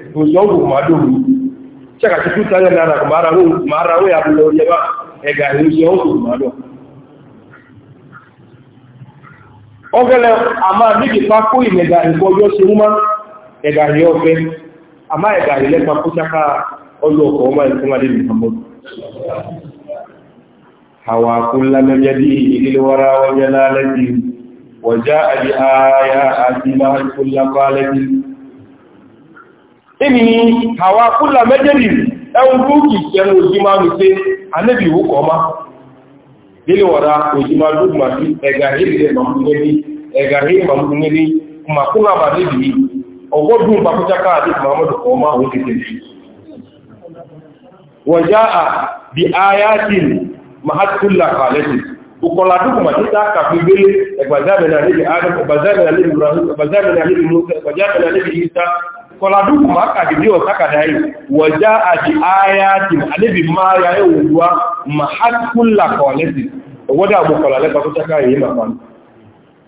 òṣìṣọ́gbò kòmádòrò ṣẹ́kàtí 2,000 naira kòmára ó yàbùlọ yẹba ẹ̀gà òṣìṣọ́gbò kòmádò ọgẹ́lẹ̀ àmà níbi pákó ìmẹ̀gà ìkọ ọjọ́ ṣe mú máa ẹ̀gà rẹ̀ ọ̀fẹ́ àmà ẹ̀gà rẹ̀ lẹ́pa kó ṣáká ọjọ́ ọkọ̀ ọmọ ìfúnmadé Muhammad hawa kulla najadi ilil wara wa jalalati wa ja'a bi èmi ni àwa kúlà méjèèjì ẹun dúkì ẹnu òjì máa ń ṣe anẹ́bì ìwúkọ̀ ọmá lílé wọ̀dá òjì máa dúkù máa sí ẹ̀gà ìrìnlẹ̀ màmúnẹ́lì ẹ̀gà ìrìnlẹ̀ màmúnẹ́lì kùmàkúnlà bá dé bìí ọgọ́dún pàkútákà àti mọ̀mọ́dù ọmá òun ti tẹ̀lé wọ̀já à bí ayatin mahatkula kàlẹ́tì ukola duk matita ka bibili e bazabena nabi adam e bazabena kọladúkù ma kàdì ní ọ̀sákàdà yìí wọ̀já àti ayáti alébì máa ya yóò wúwa ma hàkúnlà kọ̀ọ̀lẹ́sì ọwọ́dá àmú kọ̀ọ̀lẹ́ pàtàkì yìí ma fa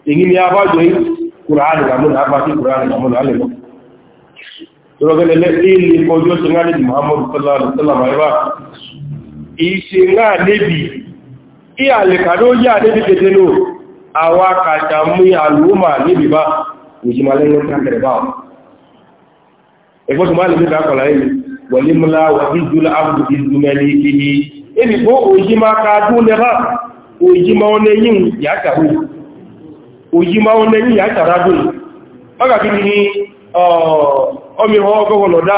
ìyí ni a bá jọ yìí kùránì àmúnà a bá sí kùránì àmúnà alẹ́lọ́ Àwọn akàtàmú àlúmà níbi bá, òjìmọ̀lẹ́yìn ó tàbí rẹ̀ ẹgbọ́n máa lè mẹ́ta akọ̀lá ilẹ̀ wọ̀límúlá wàbíjúlá abúgbì ìdúmẹ́lì ìkìhì ebi bó òyí máa ká dún lẹ́bà òyí máa nẹ́yìn yàtàrú òyí máa nẹ́yìn yàtàrádù ọgàbí ọmọ ìwọ ọgọ́gọ́lọ̀ dá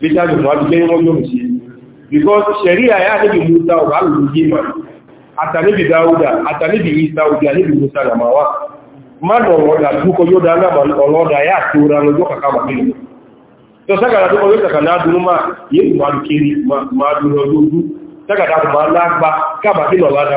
lítàrí wọn bí lẹ́yìn wọ́n yóò sí because ṣẹ̀ríà yá níbi musa ọ̀rọ̀ alùlù yíma àtàníbi dáúdà àtàníbi isa òdí àníbi musa ramawa mádọ̀ wọ́n dà túkọ yóò dá náà ọlọ́dà yá àti orí alọ́jọ́ kàkà màkìlì tó sákàdà tó kọjọ́ kàkà náà dúró máa yé ìmọ̀ alùkiri máa dúró lójú sákàdà kò máa lágbá kábàkìlì ọ̀làdà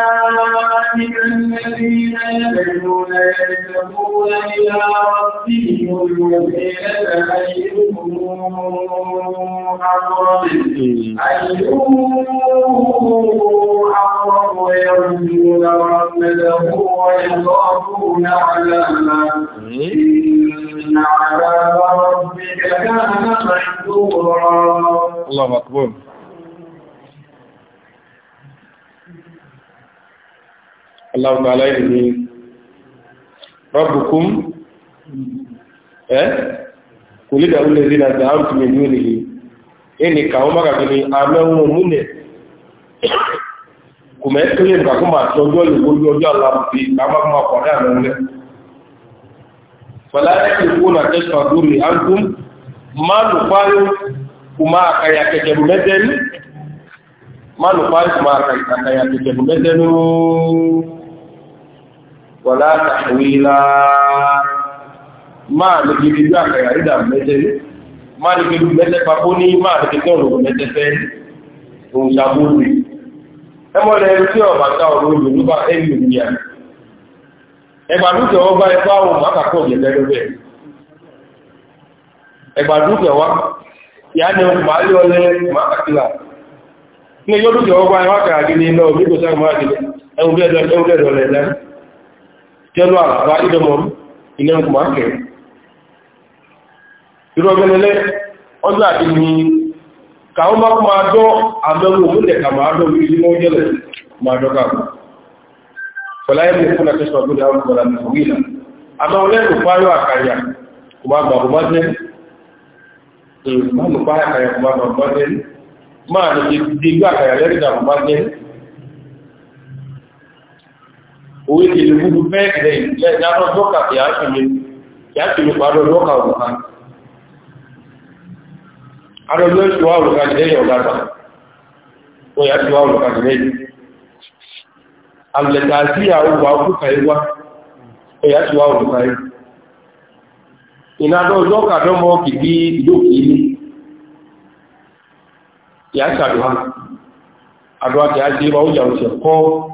أولئك الذين يدعون يبتغون إلى ربهم الوسيلة أيهم أقرب أيهم أقرب ويرجون رحمته ويخافون عذابه إن عذاب ربك كان محذورا الله أكبر Allahu ta'ala ni rabbukum eh kulida ulazina da'awtu min dunihi ini kawo maka gani amẹ́wọ̀n múlẹ̀ kùmẹ́ tó yẹ nǹkan kó máa tí ọjọ́ ìgbójú ọjọ́ aláàbùfí káàkiri máa pàdé àmì ọlẹ́ pẹ̀lá ẹ̀kì fún àtẹ́sọ̀ ma ángún máa lù páyó kù máa kàyà kẹ̀kẹ̀rù mẹ́tẹ́lú máa lù páyó kù máa kàyà kẹ̀kẹ̀rù mẹ́tẹ́lú wọ̀lá àwílá máa lè fi gbígbà àkàrà ìdà mẹ́tẹ́lẹ́ máa lè fi mẹ́tẹ́ papó ní máa lè fi kí ọ̀rọ̀ mẹ́tẹ́fẹ́ òun ṣàbúrú ẹmọ́lẹ̀ ẹni tí ọ̀bà ta ọ̀rọ̀ olùlúbà ẹni òmìnira ẹgbàdúkẹ̀ ọba ẹfà ohun ẹgbàdúkẹ̀ wa ìyá ni ọba ẹwà kàgìlì teelụ ala ba idemom ine nkwumake irogelele ọjọ́ àti ní kàwọn máa kó máa dọ́ àmẹ́wò múlẹ̀ kà máa dọ́ ìlú ní oúnjẹ́ rẹ̀ máa dọ́ káàkù fọláyé mú fún ẹ̀kẹ́sọ̀ ọdún àwọn ọmọdé àmì ìwìlà òwe ti lè gúdú mẹ́rẹ̀ ìjẹ́jọ́ dọ́kà ìyáṣìlè pàdọ̀ dọ́kà òkúta adọ́jọ́ ìṣòwà òlùkà jẹ́ ọ̀gáta ó yá ṣòwà òlùkà jẹ́ alẹ́ta sí àwọ̀wà òkúta ìwá ó yá ṣòwà òlùkà ìnádọ́jọ́ kàdọ́mọ́ kìí ìdókìí ìyáṣàdùhá adọ́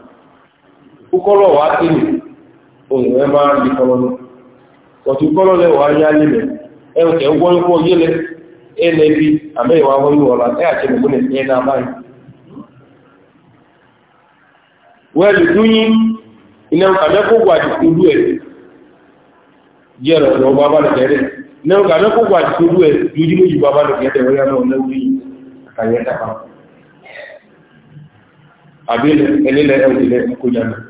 kúkọ́lọ̀ wá sí ní ohun ẹ máa rí kọlọ́nù ọ̀tún kọ́lọ̀ lẹ́wọ̀ ayá nílẹ̀ ẹ̀rùkẹ́ wọ́n kọ́ yẹ́lẹ̀ ẹlẹ́bí àmẹ́wàá wọ́n yóò ọ̀la ẹ̀ àti ẹ̀mùkún ẹ̀ náà báyìí wẹ́ẹ̀lì dúnyí iná kàmẹ́kọ̀gbà ìlú ẹ̀ jẹ́rọ̀ ọ̀rọ̀ bàbá lẹ̀kẹ́rẹ̀ iná kàmẹ́kọ̀gbà ìlú ẹ̀ lójú méjì bàbá ẹlẹ́lẹ́ ẹ̀wọ̀n ilẹ̀ ẹ̀kọ́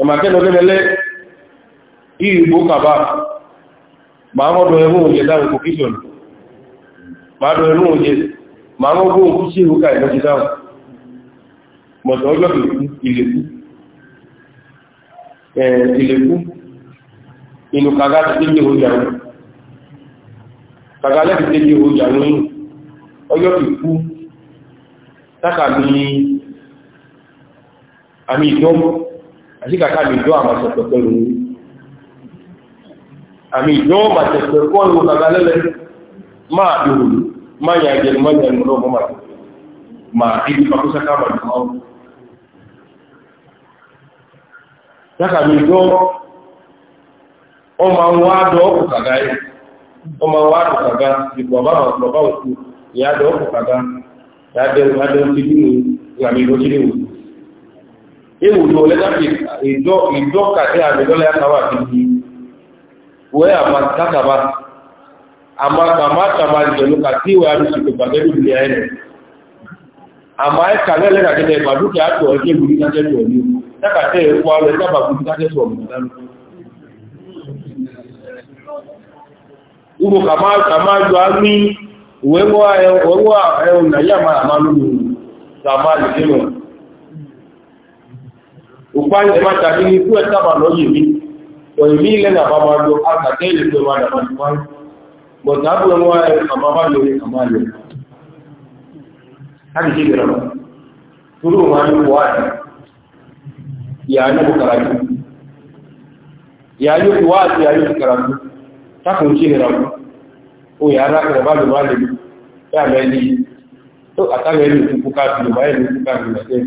ọmọkẹ́lẹ̀ olébẹ̀lẹ́ ìgbò kàbá ma ń ọdún ẹ̀rùn òye dáhùn kò kíṣọ̀nù ma ń ọdún ẹ̀rùn òye ma ń ọgbọ́n òkú sí ìrúkà ìlọ́jì dáhùn mọ̀tọ̀ ọjọ́ ìlẹ̀kú ìlẹ̀kú inú kàgá ti tẹ́jẹ́ òjò àwọn kàgá lẹ́ti tẹ́jẹ́ òjò àwọn ọjọ́ ìkú tákà ní àmì ìdọ́mù katika kama ndoa matokeo ni ami ndoa matokeo kwa unagalele ma duru ma ya Germany ndio mama ma hivi pakosa kama ndoa saka mi ndoa o ma wa do kagai o ma wa do kaga ni kwa baba kwa baba ya do kaga ya de ya de kidini ya mi ndoa kidini ewùdó lẹ́tàkì ìjọ́kàtẹ́ àmìlọ́lẹ́ àtàwà ti di wẹ́ àmàtàkàbà àmàtàmàtàmà ìjọlọ́kà tí wẹ́ àrùsùkò pàtẹ́lú ilẹ̀ ẹ̀rẹ̀ àmà ẹ̀kàlẹ́ lẹ́gàgẹ́gẹ́ ìpàdókè àtọ̀ ọjẹ́ ìbúrí kájẹ́tọ̀ ọ̀lú lákàtẹ́ ẹ̀kọ́ àwọn ẹ̀sábà búrí kájẹ́tọ̀ ọ̀lú Ugo kama ju ami uwewa ewo ewo na yama amalu zamali upande hata ili kuwe kama lojivi kwa ile na baba ndio akatele kwa wana wanafunzi kwa sababu wao baba ndio ni kamali hadi hivi rama turu wani kwa yaani kukaraju yaani kuwazi yaani kukaraju taka nchini rama huyu haraka na bado wale ya meli to atakaye ni kukukaa kwa yeye kukukaa kwa yeye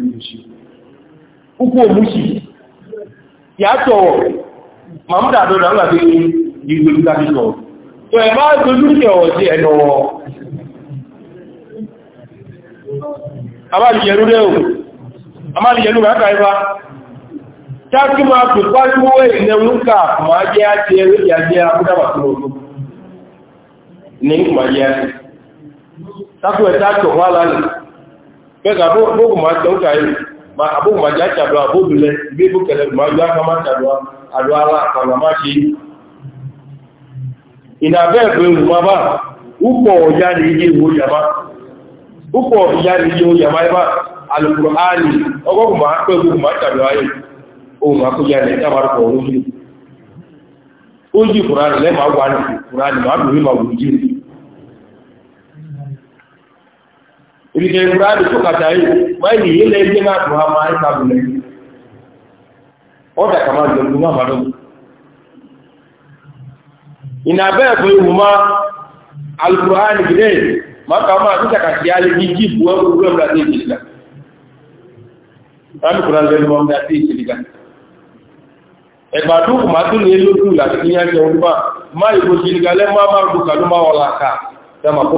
ukwu omushi ya tọ̀wọ̀ ma mú dàdọ̀ náà gbàgbé ìgbè gbàgbìsọ̀ tó ẹ̀ máa tójú ní ọ̀wọ̀ sí ẹ̀nà ọ̀ àbájìyẹ̀rú rẹ̀ o àbájìyẹ̀rú rẹ̀ ká ẹfà tákí máa pè pàtíwó ìnẹ̀wúnkà máa jẹ́ àti ẹ̀rẹ́ ìyàjẹ́ akúdàbà tó lọ́ ma abu ma ja tsaduwa abu dule ibe bu kele ma ja kama tsaduwa adu ala kama ma shi ina be be ma ba upo ya ni je wo ya ba upo ya ni je wo ya ba e ba alqur'ani ogo ma pe bu ma tsaduwa yi o ma ko ya ni ta ba ko o ji qur'ani le ma wa ni qur'ani ma du ma wu ji Ìrìnlẹ̀ ìgbàdì tó kàtà yìí, máa ní ilẹ̀ ilé máa tó ha máa ń kàbùlẹ̀. Ọ́dà kà máa jẹun náà bàdọ́. Ìnàbẹ́ ẹ̀kọ́ ìwò máa alùpùránì gidẹ̀ máa kà máa tó kàkà sí alẹ́ bí jíìpù ẹ̀kọ́ ìwé ọ̀dà sí ìṣẹ̀lẹ̀. Alùpùránì lẹ́nu máa ń dá sí ìṣẹ̀lẹ̀. Ẹ̀gbà tó kù máa tó lè lójú láti ní ẹ̀kẹ́ ọdún máa, máa ìgbòsí ìgalẹ́ máa máa máa wọ̀ làkà, máa kó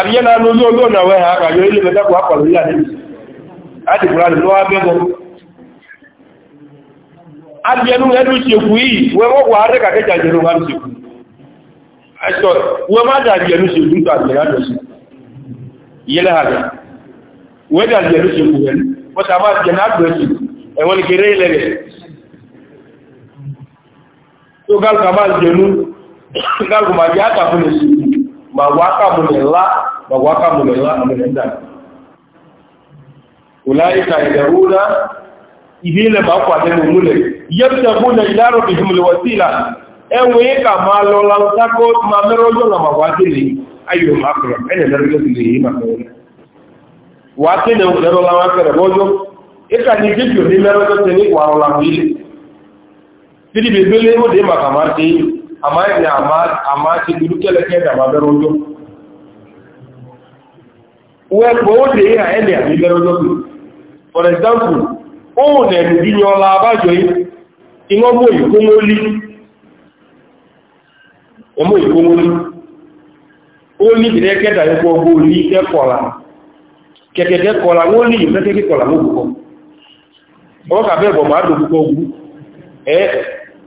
àbíyẹ́ náà ní olú olóòrùn àwọn ẹ̀hà àkàyọ ilé mẹ́tàkù àpàlù yà ní láti kùrà lè lọ́wọ́ abẹ́gọ́ àbíyẹnú ẹ̀dùn ṣekú yìí wọ́n wọ́n wà rẹ̀ kàkẹ́ jàjẹ̀rù wà ní ṣekú ẹ̀ṣọ́ wọ́n má dàbíyẹnú ṣekú tó àbíyẹnú yẹlẹ̀ àgbà wọ́n mawaka mulela mawaka mulela ameenda ulaika yad'una ibile bakwa denu mule yabtaguna ila rabbihim alwasila ewe kama lola utako mamerojo na mawazili ayyuhum aqrab ene darajat lihima watene lola wakara bojo ika ni jitu ni merojo teni kwa lola mbili Bidi bebele mo de makamati ama ìrìn àmá ti dúdú kẹ́lẹ̀kẹ́ ìdàmà bẹ́rọ́jọ́ wẹ́pọ̀ ó dé ìhà ẹ̀lẹ̀ àmì bẹ́rọ́jọ́ pé for example ohun ẹ̀rù bí ní ọlá abájọ iná mú ìkóngólí ẹmú ìkóngólí ó ní ìdílé kẹ́dà ẹ̀kọ́ ọgbọ́ orí kẹ́kọ̀ọ́lá kẹ̀kẹ̀kẹ́ kọ̀ọ́lá wọ́n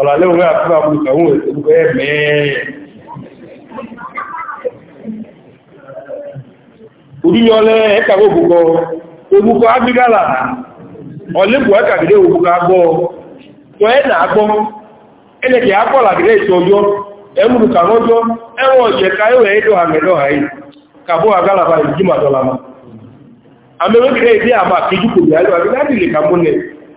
ọ̀làlẹ́ òwe àtúrà àbúrúkà òun ètò ẹ̀mẹ́ òdíyọlẹ́ ẹ̀kàwé òbúkọ òbúkọ ábígàlà ọ̀lẹ́kùn ẹ̀kàgídé òbúkọ agbọ́ tọ́ ẹ̀nà agbọ́ ẹlẹ́kẹ̀ akọ́làgídé ìtọ́jọ́ ẹmùrùkà rọ́jọ́ ẹwọ̀n ìṣẹ̀ka ẹwẹ̀ ẹ̀dọ̀ àmẹ́lọ́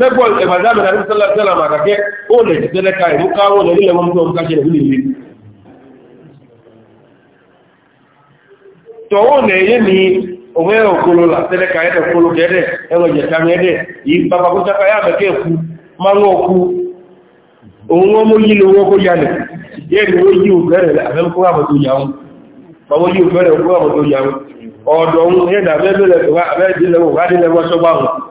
mẹ́gbọ́ ìbàdàmì àti sẹ́lẹ̀sẹ́lẹ̀ àmàkàkẹ́ ó lè ti tẹ́lẹ̀ ka ìmú káwọn lè nílẹ̀ wọn tó ń káṣẹ́ ìlú ìlú tọ́ ó lè yé ní òwe òkolo là tẹ́lẹ̀ ka ẹ̀dẹ̀ kolo kẹ́ẹ̀dẹ̀ ẹwọ ìjẹ̀tàmì ẹ̀dẹ̀ yìí bàbá kó sáka yá mẹ́kẹ́ ku máa ń ọkú òun wọn mú yí ló wọ́n kó yálẹ̀ yà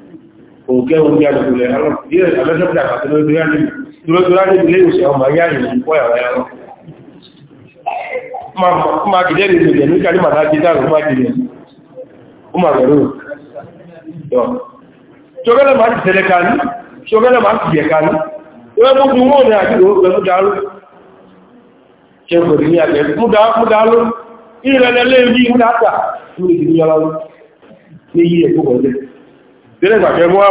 òkè oúnjẹ àdùkùlẹ̀ alọ́sọ́pìdà àti lórí ilé-ìṣẹ́ ọmọ ayá ìrìn pọ́ ẹ̀rọ ẹ̀rọ ma kìdẹ́ lè lè ní kàrí màá jí dáàrù má jìnà ó ma rẹ̀ rúrù ṣogẹ́lẹ̀ máa ti tẹ̀lẹ̀ kaní ṣogẹ́lẹ̀ máa ti yẹ kaní ẹgbẹ́ mú ju wọ́n ní àjíwò pẹ̀lú dáàrù ṣe kò ní àjẹ́ mú dáàrù ìrẹ̀lẹ̀ lè rí ìrìn àtà ní ìdíyọ́lá tẹ́lẹ̀ gbàfẹ́ mọ́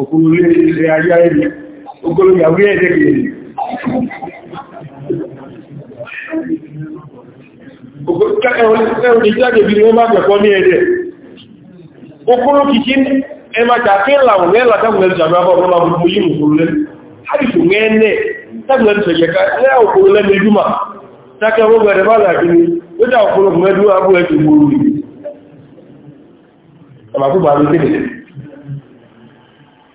òkúrú ilé ayé ayé ogologo àwọn ẹ̀ẹ́dẹ́ gẹ̀ẹ́rẹ̀ ẹ̀wọ̀n ìjáde bí wọ́n bá gbẹ̀kọ́ ní ẹ̀ẹ́dẹ́ okúrú kìkí ẹmàjà kí làwọn mẹ́lá tábùlẹ̀ ìjàmàbọ̀ ọmọ gbogbo yìí òkúrú lẹ́nu hàbìsù mẹ́ẹ̀ẹ́ tábùlẹ̀ ìṣẹ̀yẹ̀ká ẹ̀ òkúrú lẹ́nu ìdúmà tákẹ́ ọgbọ̀n ẹ̀rẹ̀ bá làkíní ó dá òkúrú mẹ́dúwà bú ẹ̀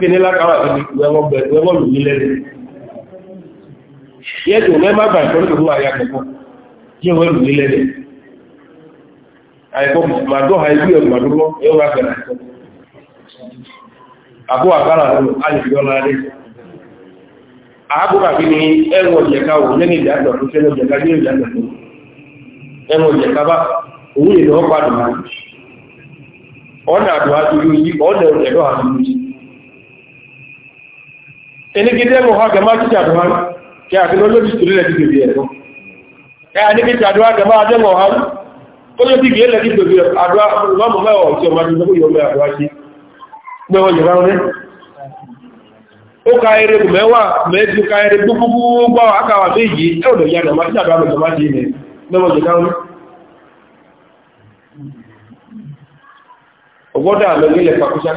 kí ní lákàwà tó ní wẹ́wọ́ lù mí lẹ́nu yẹ́ tó mẹ́ má gbà ìtọ́jú wà yẹ́ àìkọ́ màdó ẹ̀rù yẹ́ wà àkàrà wò tó fẹ́ lọ́jẹ̀ká ní tó enigide mo ha gama ti jaduwa ke a kilo lóbi sùúrù lẹ́ti bèbè ẹ̀kọ́ ẹ̀ anigide jaduwa gama adé mo ha ó lóbi bèbè lẹ́ti bèbè àdúrà lọ́mọ mẹ́wọ̀ tí ọmọ adé gbogbo yọmọ àdúrà sí gbẹwọ yorùbá rẹ ya gama ti jaduwa gama ti ilẹ̀ gbẹwọ yorùbá rẹ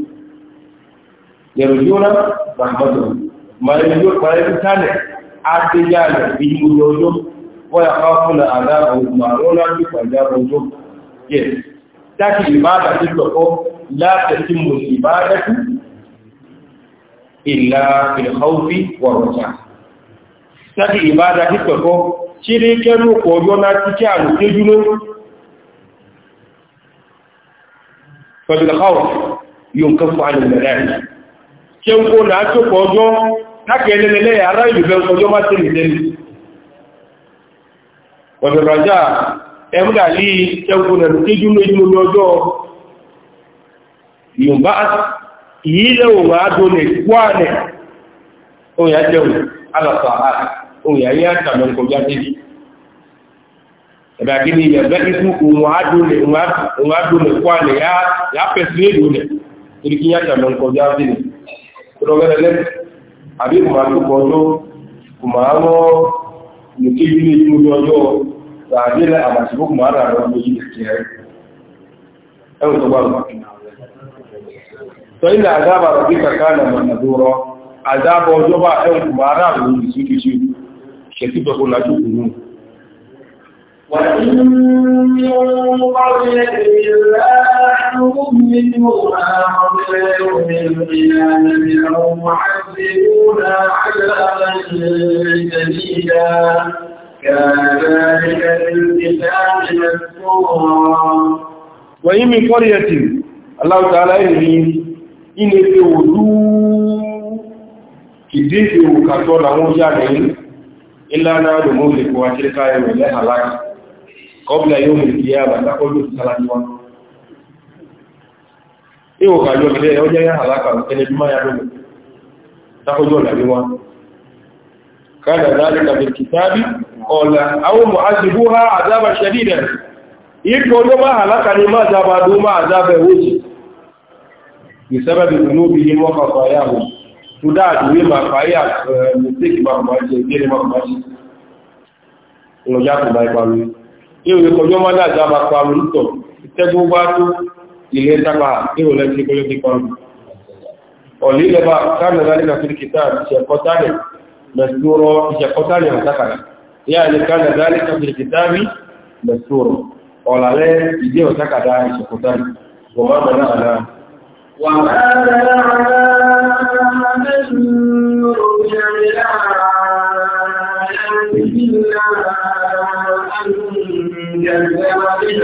يرجون رحمتهم ما يرجون ما يرجون عديان بهم الوجوه ويخافون عذابه يؤمرون فجابهم yes that ibada is of la tatimu ibadatu illa bil khawfi wa raja that ibada is of chiri keru ko yona tike aru kejulo ṣe ń kó nà á tó pọ̀ ọjọ́ lákẹ̀ẹ́lẹ́lẹ́lẹ́ ará ìlúfẹ́ ọjọ́ bá tẹ́lẹ̀ lẹ́nu ọ̀dọ̀rọ̀já ẹmúdà lè ṣe ń kó nà lókéjú lójú ní ọjọ́ yùmbá yìí lẹ́wọ̀n máa dọ́nẹ̀ wáàlẹ̀ òyà jẹun alàtọ̀ òyà yẹ́ àtàmọ́ ìkọjá tẹ́lẹ̀ ẹ̀bà gíní ẹ̀bẹ́ ikú òun yá pẹ̀sí èdò lẹ̀ torí kí yá àtàmọ́ ìkọjá tẹ́lẹ̀ rọ̀gẹ́rẹ́lẹ́ àbí kùmàtúkọ̀ ọjọ́ kùmàánọ́ nìkí ilé ìlú ọjọ́ àbílẹ̀ àmàṣìkò kùmàánà àwọn ọmọ yìí kìí rẹ̀ ẹ̀rùn tó gbàrùn tó ilẹ̀ àzábà rọ̀ bí kàkà nà mọ̀nàdúrọ àzábà ọjọ́ bá ẹ̀rùn kùmàánà àwọn ọmọ نؤمن أعطيه بالقيامة أو معذبون عذابا شديدا كان ذلك للكتاب مسطورا وإن الله تعالى يقول إن يقولوا kìdíje òkàtọ́ làwọn jáde ní ìlànà àdùnmọ́ ìlẹ̀kùn àti ẹ̀kà ẹ̀rẹ̀ lẹ́hàlá kọ́bílẹ̀ yóò mìí kìí àbàtàkọ́lù ìsàlájúwá ìwò kàlú ọmọdé ọjọ́ yá àlákà ẹlẹ́bímá ya lónìí tákójú ọ̀làríwá kádà zálika bil kitabi ọ̀là àwọn mọ̀ázìbú ha àzába ṣẹ̀dídẹ̀ ipò ọjọ́ máa àlákà ní máa zába dó máa zába ẹ̀wọ́jì ìsẹ́bẹ̀bẹ̀ ìlúbi ní mọ́kànlá yàwó tó dáàdúwé máa fàáyà mistake máa kọ̀máṣe ìgbéni máa kọ̀máṣe ìrọ̀já kò máa ìpàlú ìwé kọjọ́ máa dáàdá máa iliyetaka hilo lengo lolote kwangu walilaba kana dhalika fil kitab shaqatani masduro shaqatani mtakala yani kana dhalika fil kitabi masduro wala le ije mtaka dai shaqatani kwa maana na ala wa kana ala nurja ila illa an jazza bil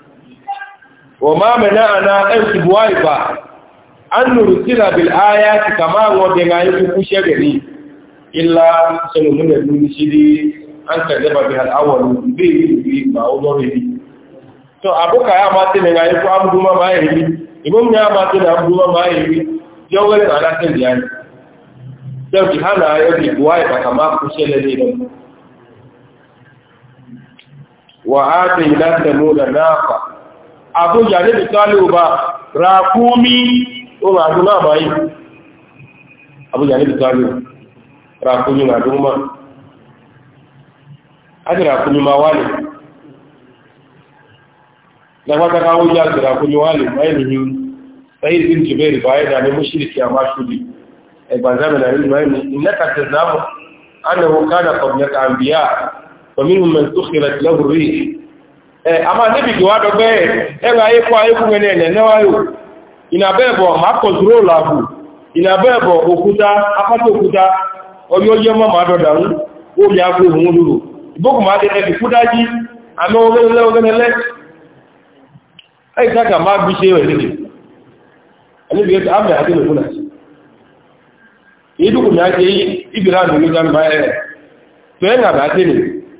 وما منعنا أن تبوايبا أن نرسل بالآيات كما ودنا يكون شغري إلا سنمنا المنشد أن كذب بها الأول به به ما أمره to abuka ya mati ne ga yiku abu ma mai yi imam ya mati ne abu ma na alatin da yani sai ki hana ya bi duwai ba kama àbójà lẹ́bì tálẹ̀ ọba ra fún mí ohun àdún náà báyìí àbójà lẹ́bì tálẹ̀ ra fún mí àdún mọ́ láti ra fún mí máa wálẹ̀ lágbátaka ó yá ra fún mí wálẹ̀ báyìí ni sayid bin jubair báyìí da ní mọ́ṣíríkì àmá ṣúlì ẹgbàzámẹ̀ nàrí ìmáyìí ìlẹ́kà Eh, ama n'ebi gị wadọ gbe nwere ene e newayo inabebo ma abụ inabebo okwuta akpata okwuta onye oyi ọma ma adọdanwu obi agụ ihu ruru iboku ma adịghị ebi kwuda ji ama ka ma alebi na idukwu na ake ibiri na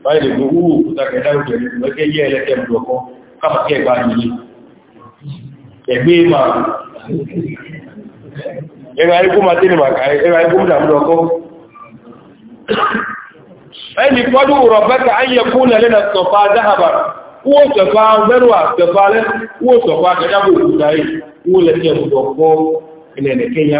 báyìí lè gbogbo òkúta kẹdàrùjẹ̀ lẹ́gbẹ́ yẹ́ ẹlẹ́tẹ̀ ọkọ̀ káàkiri ẹgbà nìyí ẹgbẹ́ ma ẹgbà ikú ma tí ni màkà ẹgbà ikú dàmúdọ̀ ọkọ̀ ẹni pọ́dù rọ̀bẹ́ta ayẹ kú nà lẹ́nà sọ̀fà dáhàbà kúwò sọ̀fà mẹ́rùwà sọ̀fà lẹ́ kúwò sọ̀fà kẹdàbò òkúta yìí kúwò lẹ́tẹ̀ ọkọ̀ ilẹ̀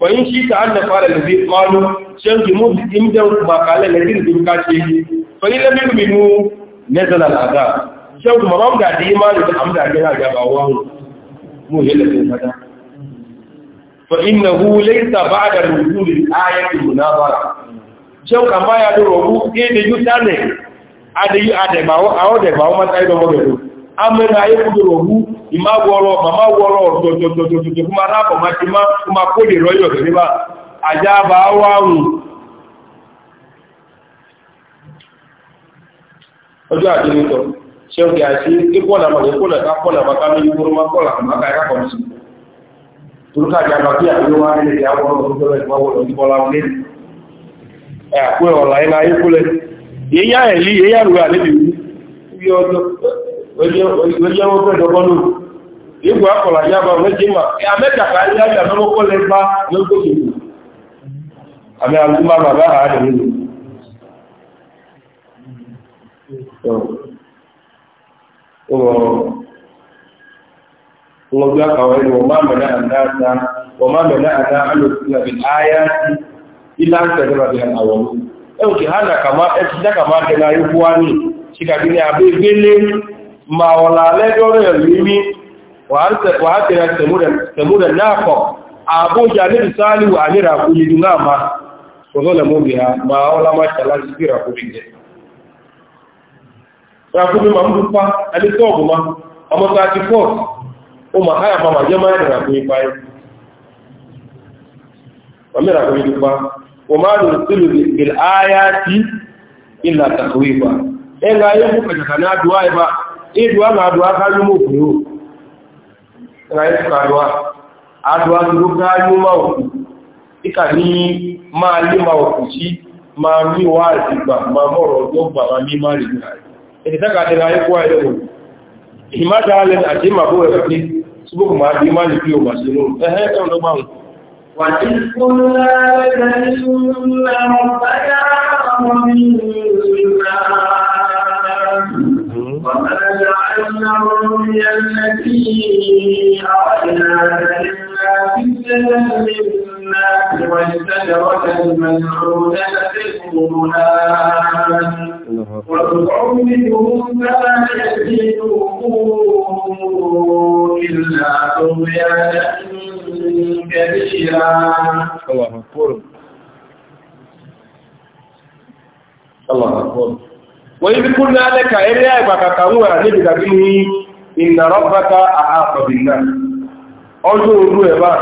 fa'in shi ta an da fara da zai kwano shan gimu da imdan makala na zin zin kashe fa'in lamin minu na zana laga shan kuma mam da da imanu da amda gina gabawa mu yi da zai fada fa'in na hu laisa ba da rubutu da amẹ́nu ayé kúrò òwú ìmá wọ́rọ̀ màmá wọ́rọ̀ ọ̀tọ̀tọ̀tọ̀tọ̀ fún ara bọ̀ máa ti má fún ma kó lè rọ́yọ̀ nígbà àjábà wáhùn ọjọ́ àjẹ́mítọ̀ ṣẹ́ọ̀kẹ́ àti kíkọ́nà màkíkọ́nà kákọ́nà màkà ní ìgboro mákọ́nà màkà ẹ̀kọ́ sí torúkà àjábà ya onye nwoke dọbọnụ igwe akọla ya bụ onwe ji mma ya meta ka ahịa ya na nwoke mba n'oge obodo àmì àlúmà bàbá àádì nínú wọ́n gbá kàwọ́ ẹni wọ́n máa mẹ́lá àdáta wọ́n máa mẹ́lá àdá alòsílẹ̀ bí ayá sí ilá ń tẹ̀lẹ́bà bí àwọn ẹ̀kì hánà kàmá ẹ̀kì dákàmá gẹ̀lá ikú wá ní ṣíkàbí ní àbẹ́ ìgbélé ma ọ̀la lẹ́jọ́rọ̀ ẹ̀lúmí wàhátẹ̀rẹ̀ tẹ̀múrẹ̀ náàkọ̀ àbójá ní ìsáàlì wà ní ràkúrí ní náà ma ṣọ̀lọ́lẹ̀ mọ́bí ha ma ọlá máa ṣàlá sí sí ràkúrí jẹ́ ràkúrí ma ń dúpá ẹni tọ́ọ̀bù ma ọmọ 34 ó ma háyà ma jẹ́ máa ní ràkúrí pa wàmí ràkúrí dúpá ayé mú kàkàkà ní adúwáyé bá ìdùá mà àdùá kájú mọ̀ òkú yóò ẹ̀rọ ìtùkà adụ àdùá dúró kájú dịka ma ma òkú sí ma ma mọ̀rọ̀ ọjọ́ gbà ma mí dị rìn ẹ̀dì tákàtẹ̀rẹ̀ ayékọ́ ẹ̀lẹ́wọ̀n ìmáta alẹ́ àti وَإِذْ قُلْنَا لَكَ إِنَّ رَبَّكَ الرمي التي أردناك إلا فتنة للناس والشجرة الملعونة في القرآن وتقومهم فلا يزيدوه إلا طغيانا كبيرا الله أكبر الله أكبر wọ́n yìí kú náà lẹ́ka eré àìbàkàkà ń wà níbi tàbí ní ìnàrọ́bàkà àhàkọ̀bìnà ọjọ́ orú ẹ̀bá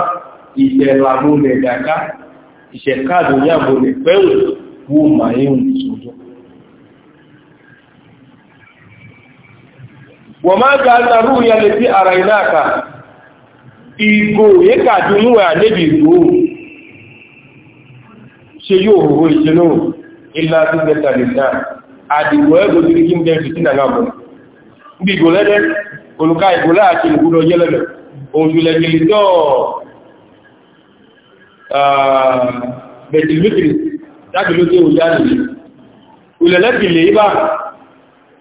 ìṣẹ̀làmú nẹ̀ dàkà ìṣẹ̀káàdù yàbò nẹ̀ pẹ́wù wó màáyùn ìṣòjọ́ wọ́n máa ga nàrú yẹlẹ̀ sí ara ìnáka ìgò yíkàdù ń wà níbi ìgbò ṣe yóò hòhò ìṣẹ́lò ìlà tó gẹ́ta àdìgbò ẹgbòdìrí kí ń bẹ fi sínà náà mọ̀. Bí ìgbò lẹ́dẹ́, olùká ìgbò láàkí ìgbúdọ̀ yẹ́lẹ̀lẹ̀, òun jùlẹ̀ gẹ̀lẹ̀ tọ́ ah, bẹ̀tìlúkìrì láti ló tẹ́ òjá nìyí. Ìlẹ̀lẹ́kìlẹ̀ ibá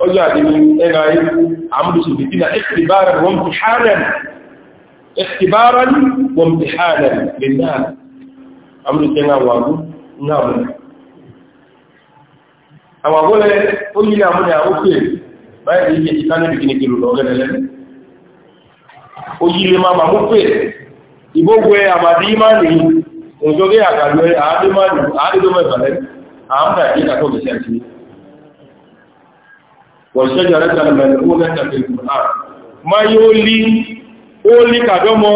ọjọ́ àdìmí ẹgbà ikú àmúdùsù bìtínà ẹ̀kìbára àwọn àgbọ́lẹ̀ ó yí àwọn àwókè báyìí yí ìta ní bìkìnìkìlù lọ́gẹ́lẹ́lẹ́ ó yí lè máa mú pé ìgbógbé àmàdí ìmáàlì òjògé àgbàlú àádọ́mọ̀lù àádọ́mọ̀lù àmà ìdíkà tó bẹ̀ṣẹ̀ sí wọ̀ṣẹ́ jẹ́ rẹ̀ tàbí ó lẹ́ta pẹ̀lú àà máa yóò lí ó lí kàdọ́mọ́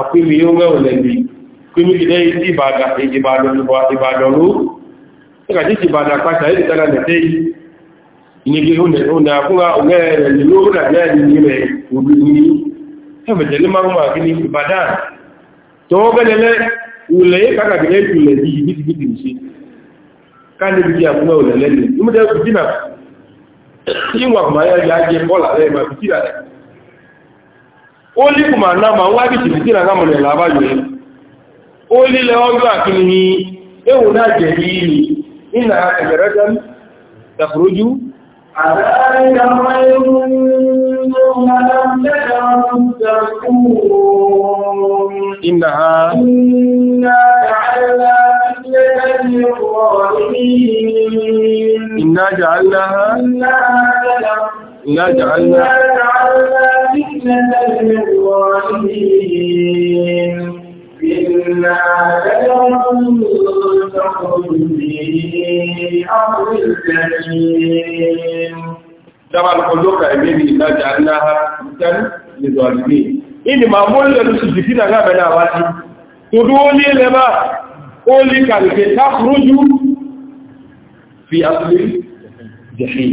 akwimi yóò mẹ́wọ̀n lẹ́bi kwimi ilẹ̀ ìbàdànú nígbàtí ìbàdà pàtà ìdí tánà lẹ́tẹ́ ìnigi ọ̀nà fúnra ọ̀gẹ́rẹ̀ ló rà lẹ́ẹ̀lì ní rẹ̀ òbí ní ẹ̀fẹ̀tẹ̀ ní márùn-ún àti ní ìbàdà tó bẹ́lẹ̀lẹ́ ulẹ̀ kàkàkìlẹ̀ ìpìlẹ̀ bí i bìtìbìtì sí káàdébìtì àfúnà ọ̀lẹ̀lẹ́lẹ́ oli kuma na ma nwa bi tibiti na nga mọlẹ laba yọ oli lẹ ọjọ akinihi ewu na jẹ ili ina ha kẹkẹrẹ dẹm tafuruju. إنها إنا جعلناها إنا جعلنا فتنة للظالمين إنا كجرم تخرج في أرض الجحيم tara alikodoka emeli ilaja anaha mtani lizwalimi ini mamoli yalusijitina ngabe na wati tuduli lema oli kalike takhruju fi asli jahim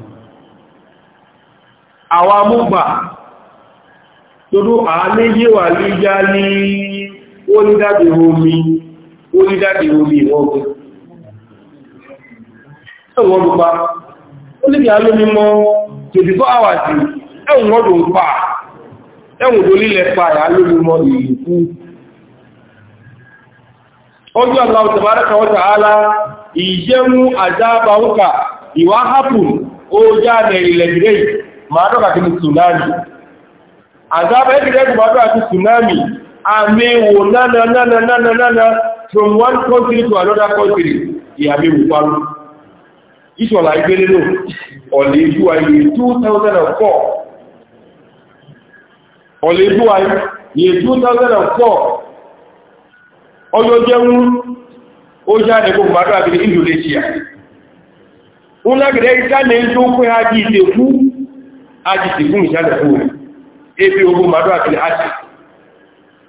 àwọn múgbà torú àálé yíwà lè já ní onídàdì omi onídàdì omi ìwọ̀n ogun ẹ̀wọ̀n olùpa ó lè 24 pa ẹ̀wọ̀n tó lílẹ̀ pa yà lómi ìlúkú ọjọ́ Allah tàbárẹ́kà wọ́ta ala máa dọ́kà kí ni tsunami àzábà ẹ́kìdẹ́kù máa dọ́kà kí tsunami àmì na na na na na from one country to another country ìyàmì wùpánu ìṣọ̀lá ìgbélénò ọ̀lẹ́ ìjú ayé 2004 ọ̀lẹ́ ayi ayé 2004 ọjọ́ jẹun ó jáde kó Indonesia ń lágbẹ̀rẹ̀ ájì ti fún ìṣàlẹ̀ fún rẹ̀ ebi ogun madu àti ájì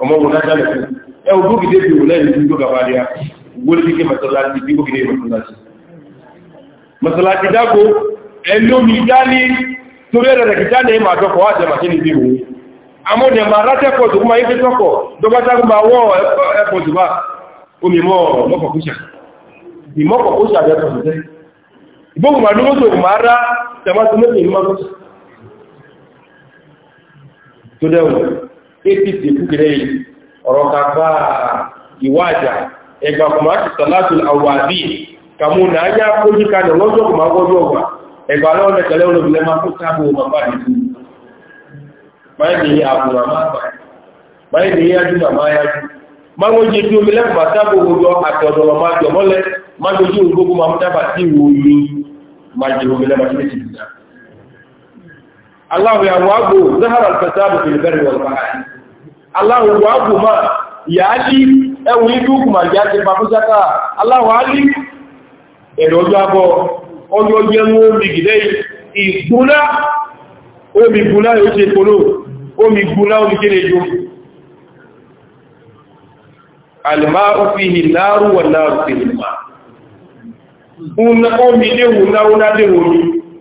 ọmọ ogun lájálẹ̀ fún ẹ ogun gidé bí wò lẹ́yìn tó gaba rí a wó lè kíkẹ́ masalasi bí ó gidé masalasi masalasi dáko ẹlómi dání torí ẹ̀rẹ̀ kìí dání ma dọ́kọ̀ wá jẹ màkíní bí wò àmọ́ ní ẹ̀mà rátẹ́kọ̀ tó máa yẹ́ tọ́kọ̀ dọ́gbátágún ma wọ́ ẹ̀pọ̀ tó bá omi ìgbóhùn màdúró tó máa rá tẹ̀mátọ́lẹ́pẹ̀ tó dẹ̀wò apc kúkìrẹ́ yìí ọ̀rọ̀ kàfà ìwájà ẹgbà kùmáàkì sàlátù àwàbí kàmú náà yá kójú kalẹ̀ lọ́jọ́ kùmáàgọ́jọ́ ọgbà ẹgbà lọ́wọ́ mẹ́tẹ̀lẹ́ olóbìnrin máa kó sáàbò bàbá nìkú báyìí àbò màmá báyìí yájú màmá yájú máa ń jẹ́ tí omi lẹ́kùnmá sáàbò gbogbo àtọ̀dọ̀rọ̀ máa Allahu ya wago zahara al-fasadu fil barri wal bahri Allahu wago ma ya ali e wi du kuma ya ti ba musaka Allahu ali e do jo abo o jo je mu mi gide iguna o mi guna o se polo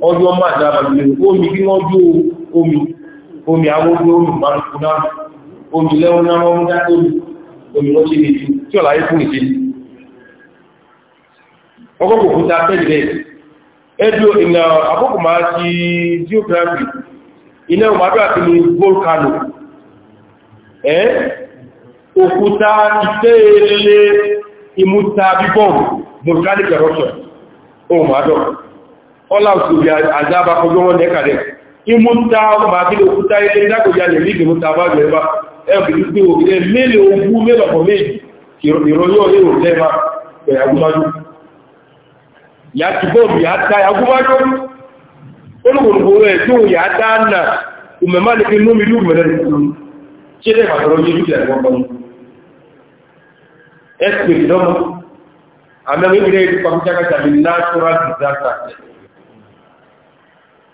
ọjọ́ máa dára lè omi kí wọ́n jó omi omi awógbé omi parùkù náà omi lẹ́wọ́n náà wọ́n dá omi omi wọ́n ṣe lè ju tí ọ̀la ikú ìṣe ọkọ̀ kò kúta pẹ́lẹ̀ ẹjọ́ ìnà àkókò máa ti geography iná ìwádọ́ àti ní volcano ẹ́ òkúta ìtẹ́ẹ̀lẹ́ ìmúta bíbọ̀n volcanic eruption ohun àdọ́rọ̀ ọlọ́pùsùgbì àjábá kọjọ́ wọn lẹ́kàdẹ̀. ìmúta ọmọ àbílẹ̀ òkúta ilé ìdákòjá lè rí ìmúta bá jẹ́ bá ẹ̀bì pé òkúta mẹ́lẹ̀ ogún mẹ́lọ̀pọ̀ méjì ìrọ̀yọ́ èrò lẹ́mà pẹ̀lú agúmájú yà ti bọ́ọ̀bù yà ta agúmájú olùgbòrògbò rẹ̀ tó yà dá nà òmẹ̀má lè fi lómi lú mẹ́lẹ̀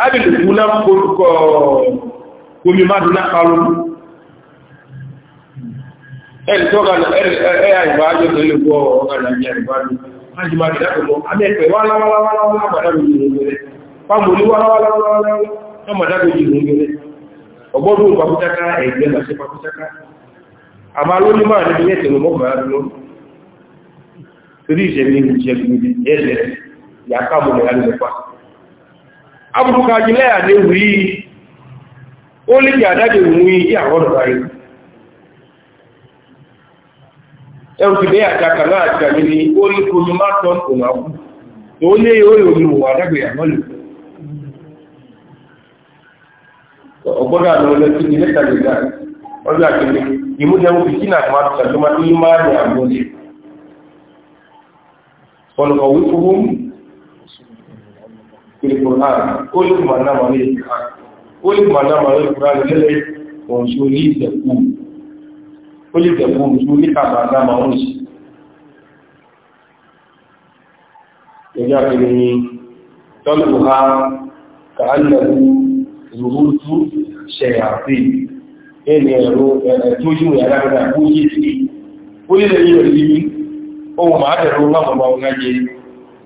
ábìlì fún náà kórúkọ omi máa dúná kálọ́ ẹni tó ga ẹ̀yà ìbá ajọ́ tó lè gbọ́ ọ̀gá nàìjíríà ìbá dùn máa jí máa dì dákòmọ́ amẹ́fẹ́ wá láwáláwáláwá padà bí i ìrìnlẹ̀ pàmò ní abụrụka na ya na-ewu iyi oli ji ada ga-enwu iyi ahụrụta ya ẹ̀rùsìdé àjàkà náà jàmì ni onye ní kò ní máa tọ́ ọ̀nà àkú lé orí omi wà dágbèyà ọgbọ́dọ̀ القرآن قل ما نام عليه القرآن قل ما نام عليه القرآن لله ونشوني تقوم قل تقوم شوني كما نام ونشي يجاكني طلبها كأنه زهورت شياطين إن يرو توجو يا رب لا بوجي قل لي يريد أو ما أدري الله ما هو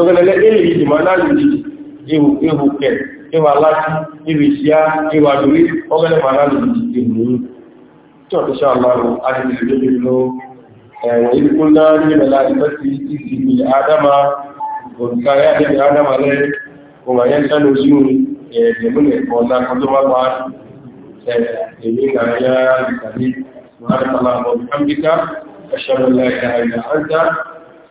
olókẹ́lẹ́lẹ́ ilé ìdìmọ̀ aláàlùjì ihò kẹ ihò aláàjì ihò ìṣíá ihò àdúrí ọgẹ́lẹ́mọ̀ aláàlùjì ihò ní tí ọ̀tọ́ ṣe àmàrò adìmìlélógún ló ẹ̀wọ̀n ìdíkún náà ní ìrẹ̀lá ìfẹ́sí ìsìnkú adama òǹkàrí adẹ́bẹ̀ adama lẹ́ ohun àyẹ́ sánú sí ẹ̀ẹ̀dẹ̀múnẹ̀ ọ̀nà kan tó máa máa ẹ̀ẹ̀mí ìgbàlẹ́ ìgbàlẹ́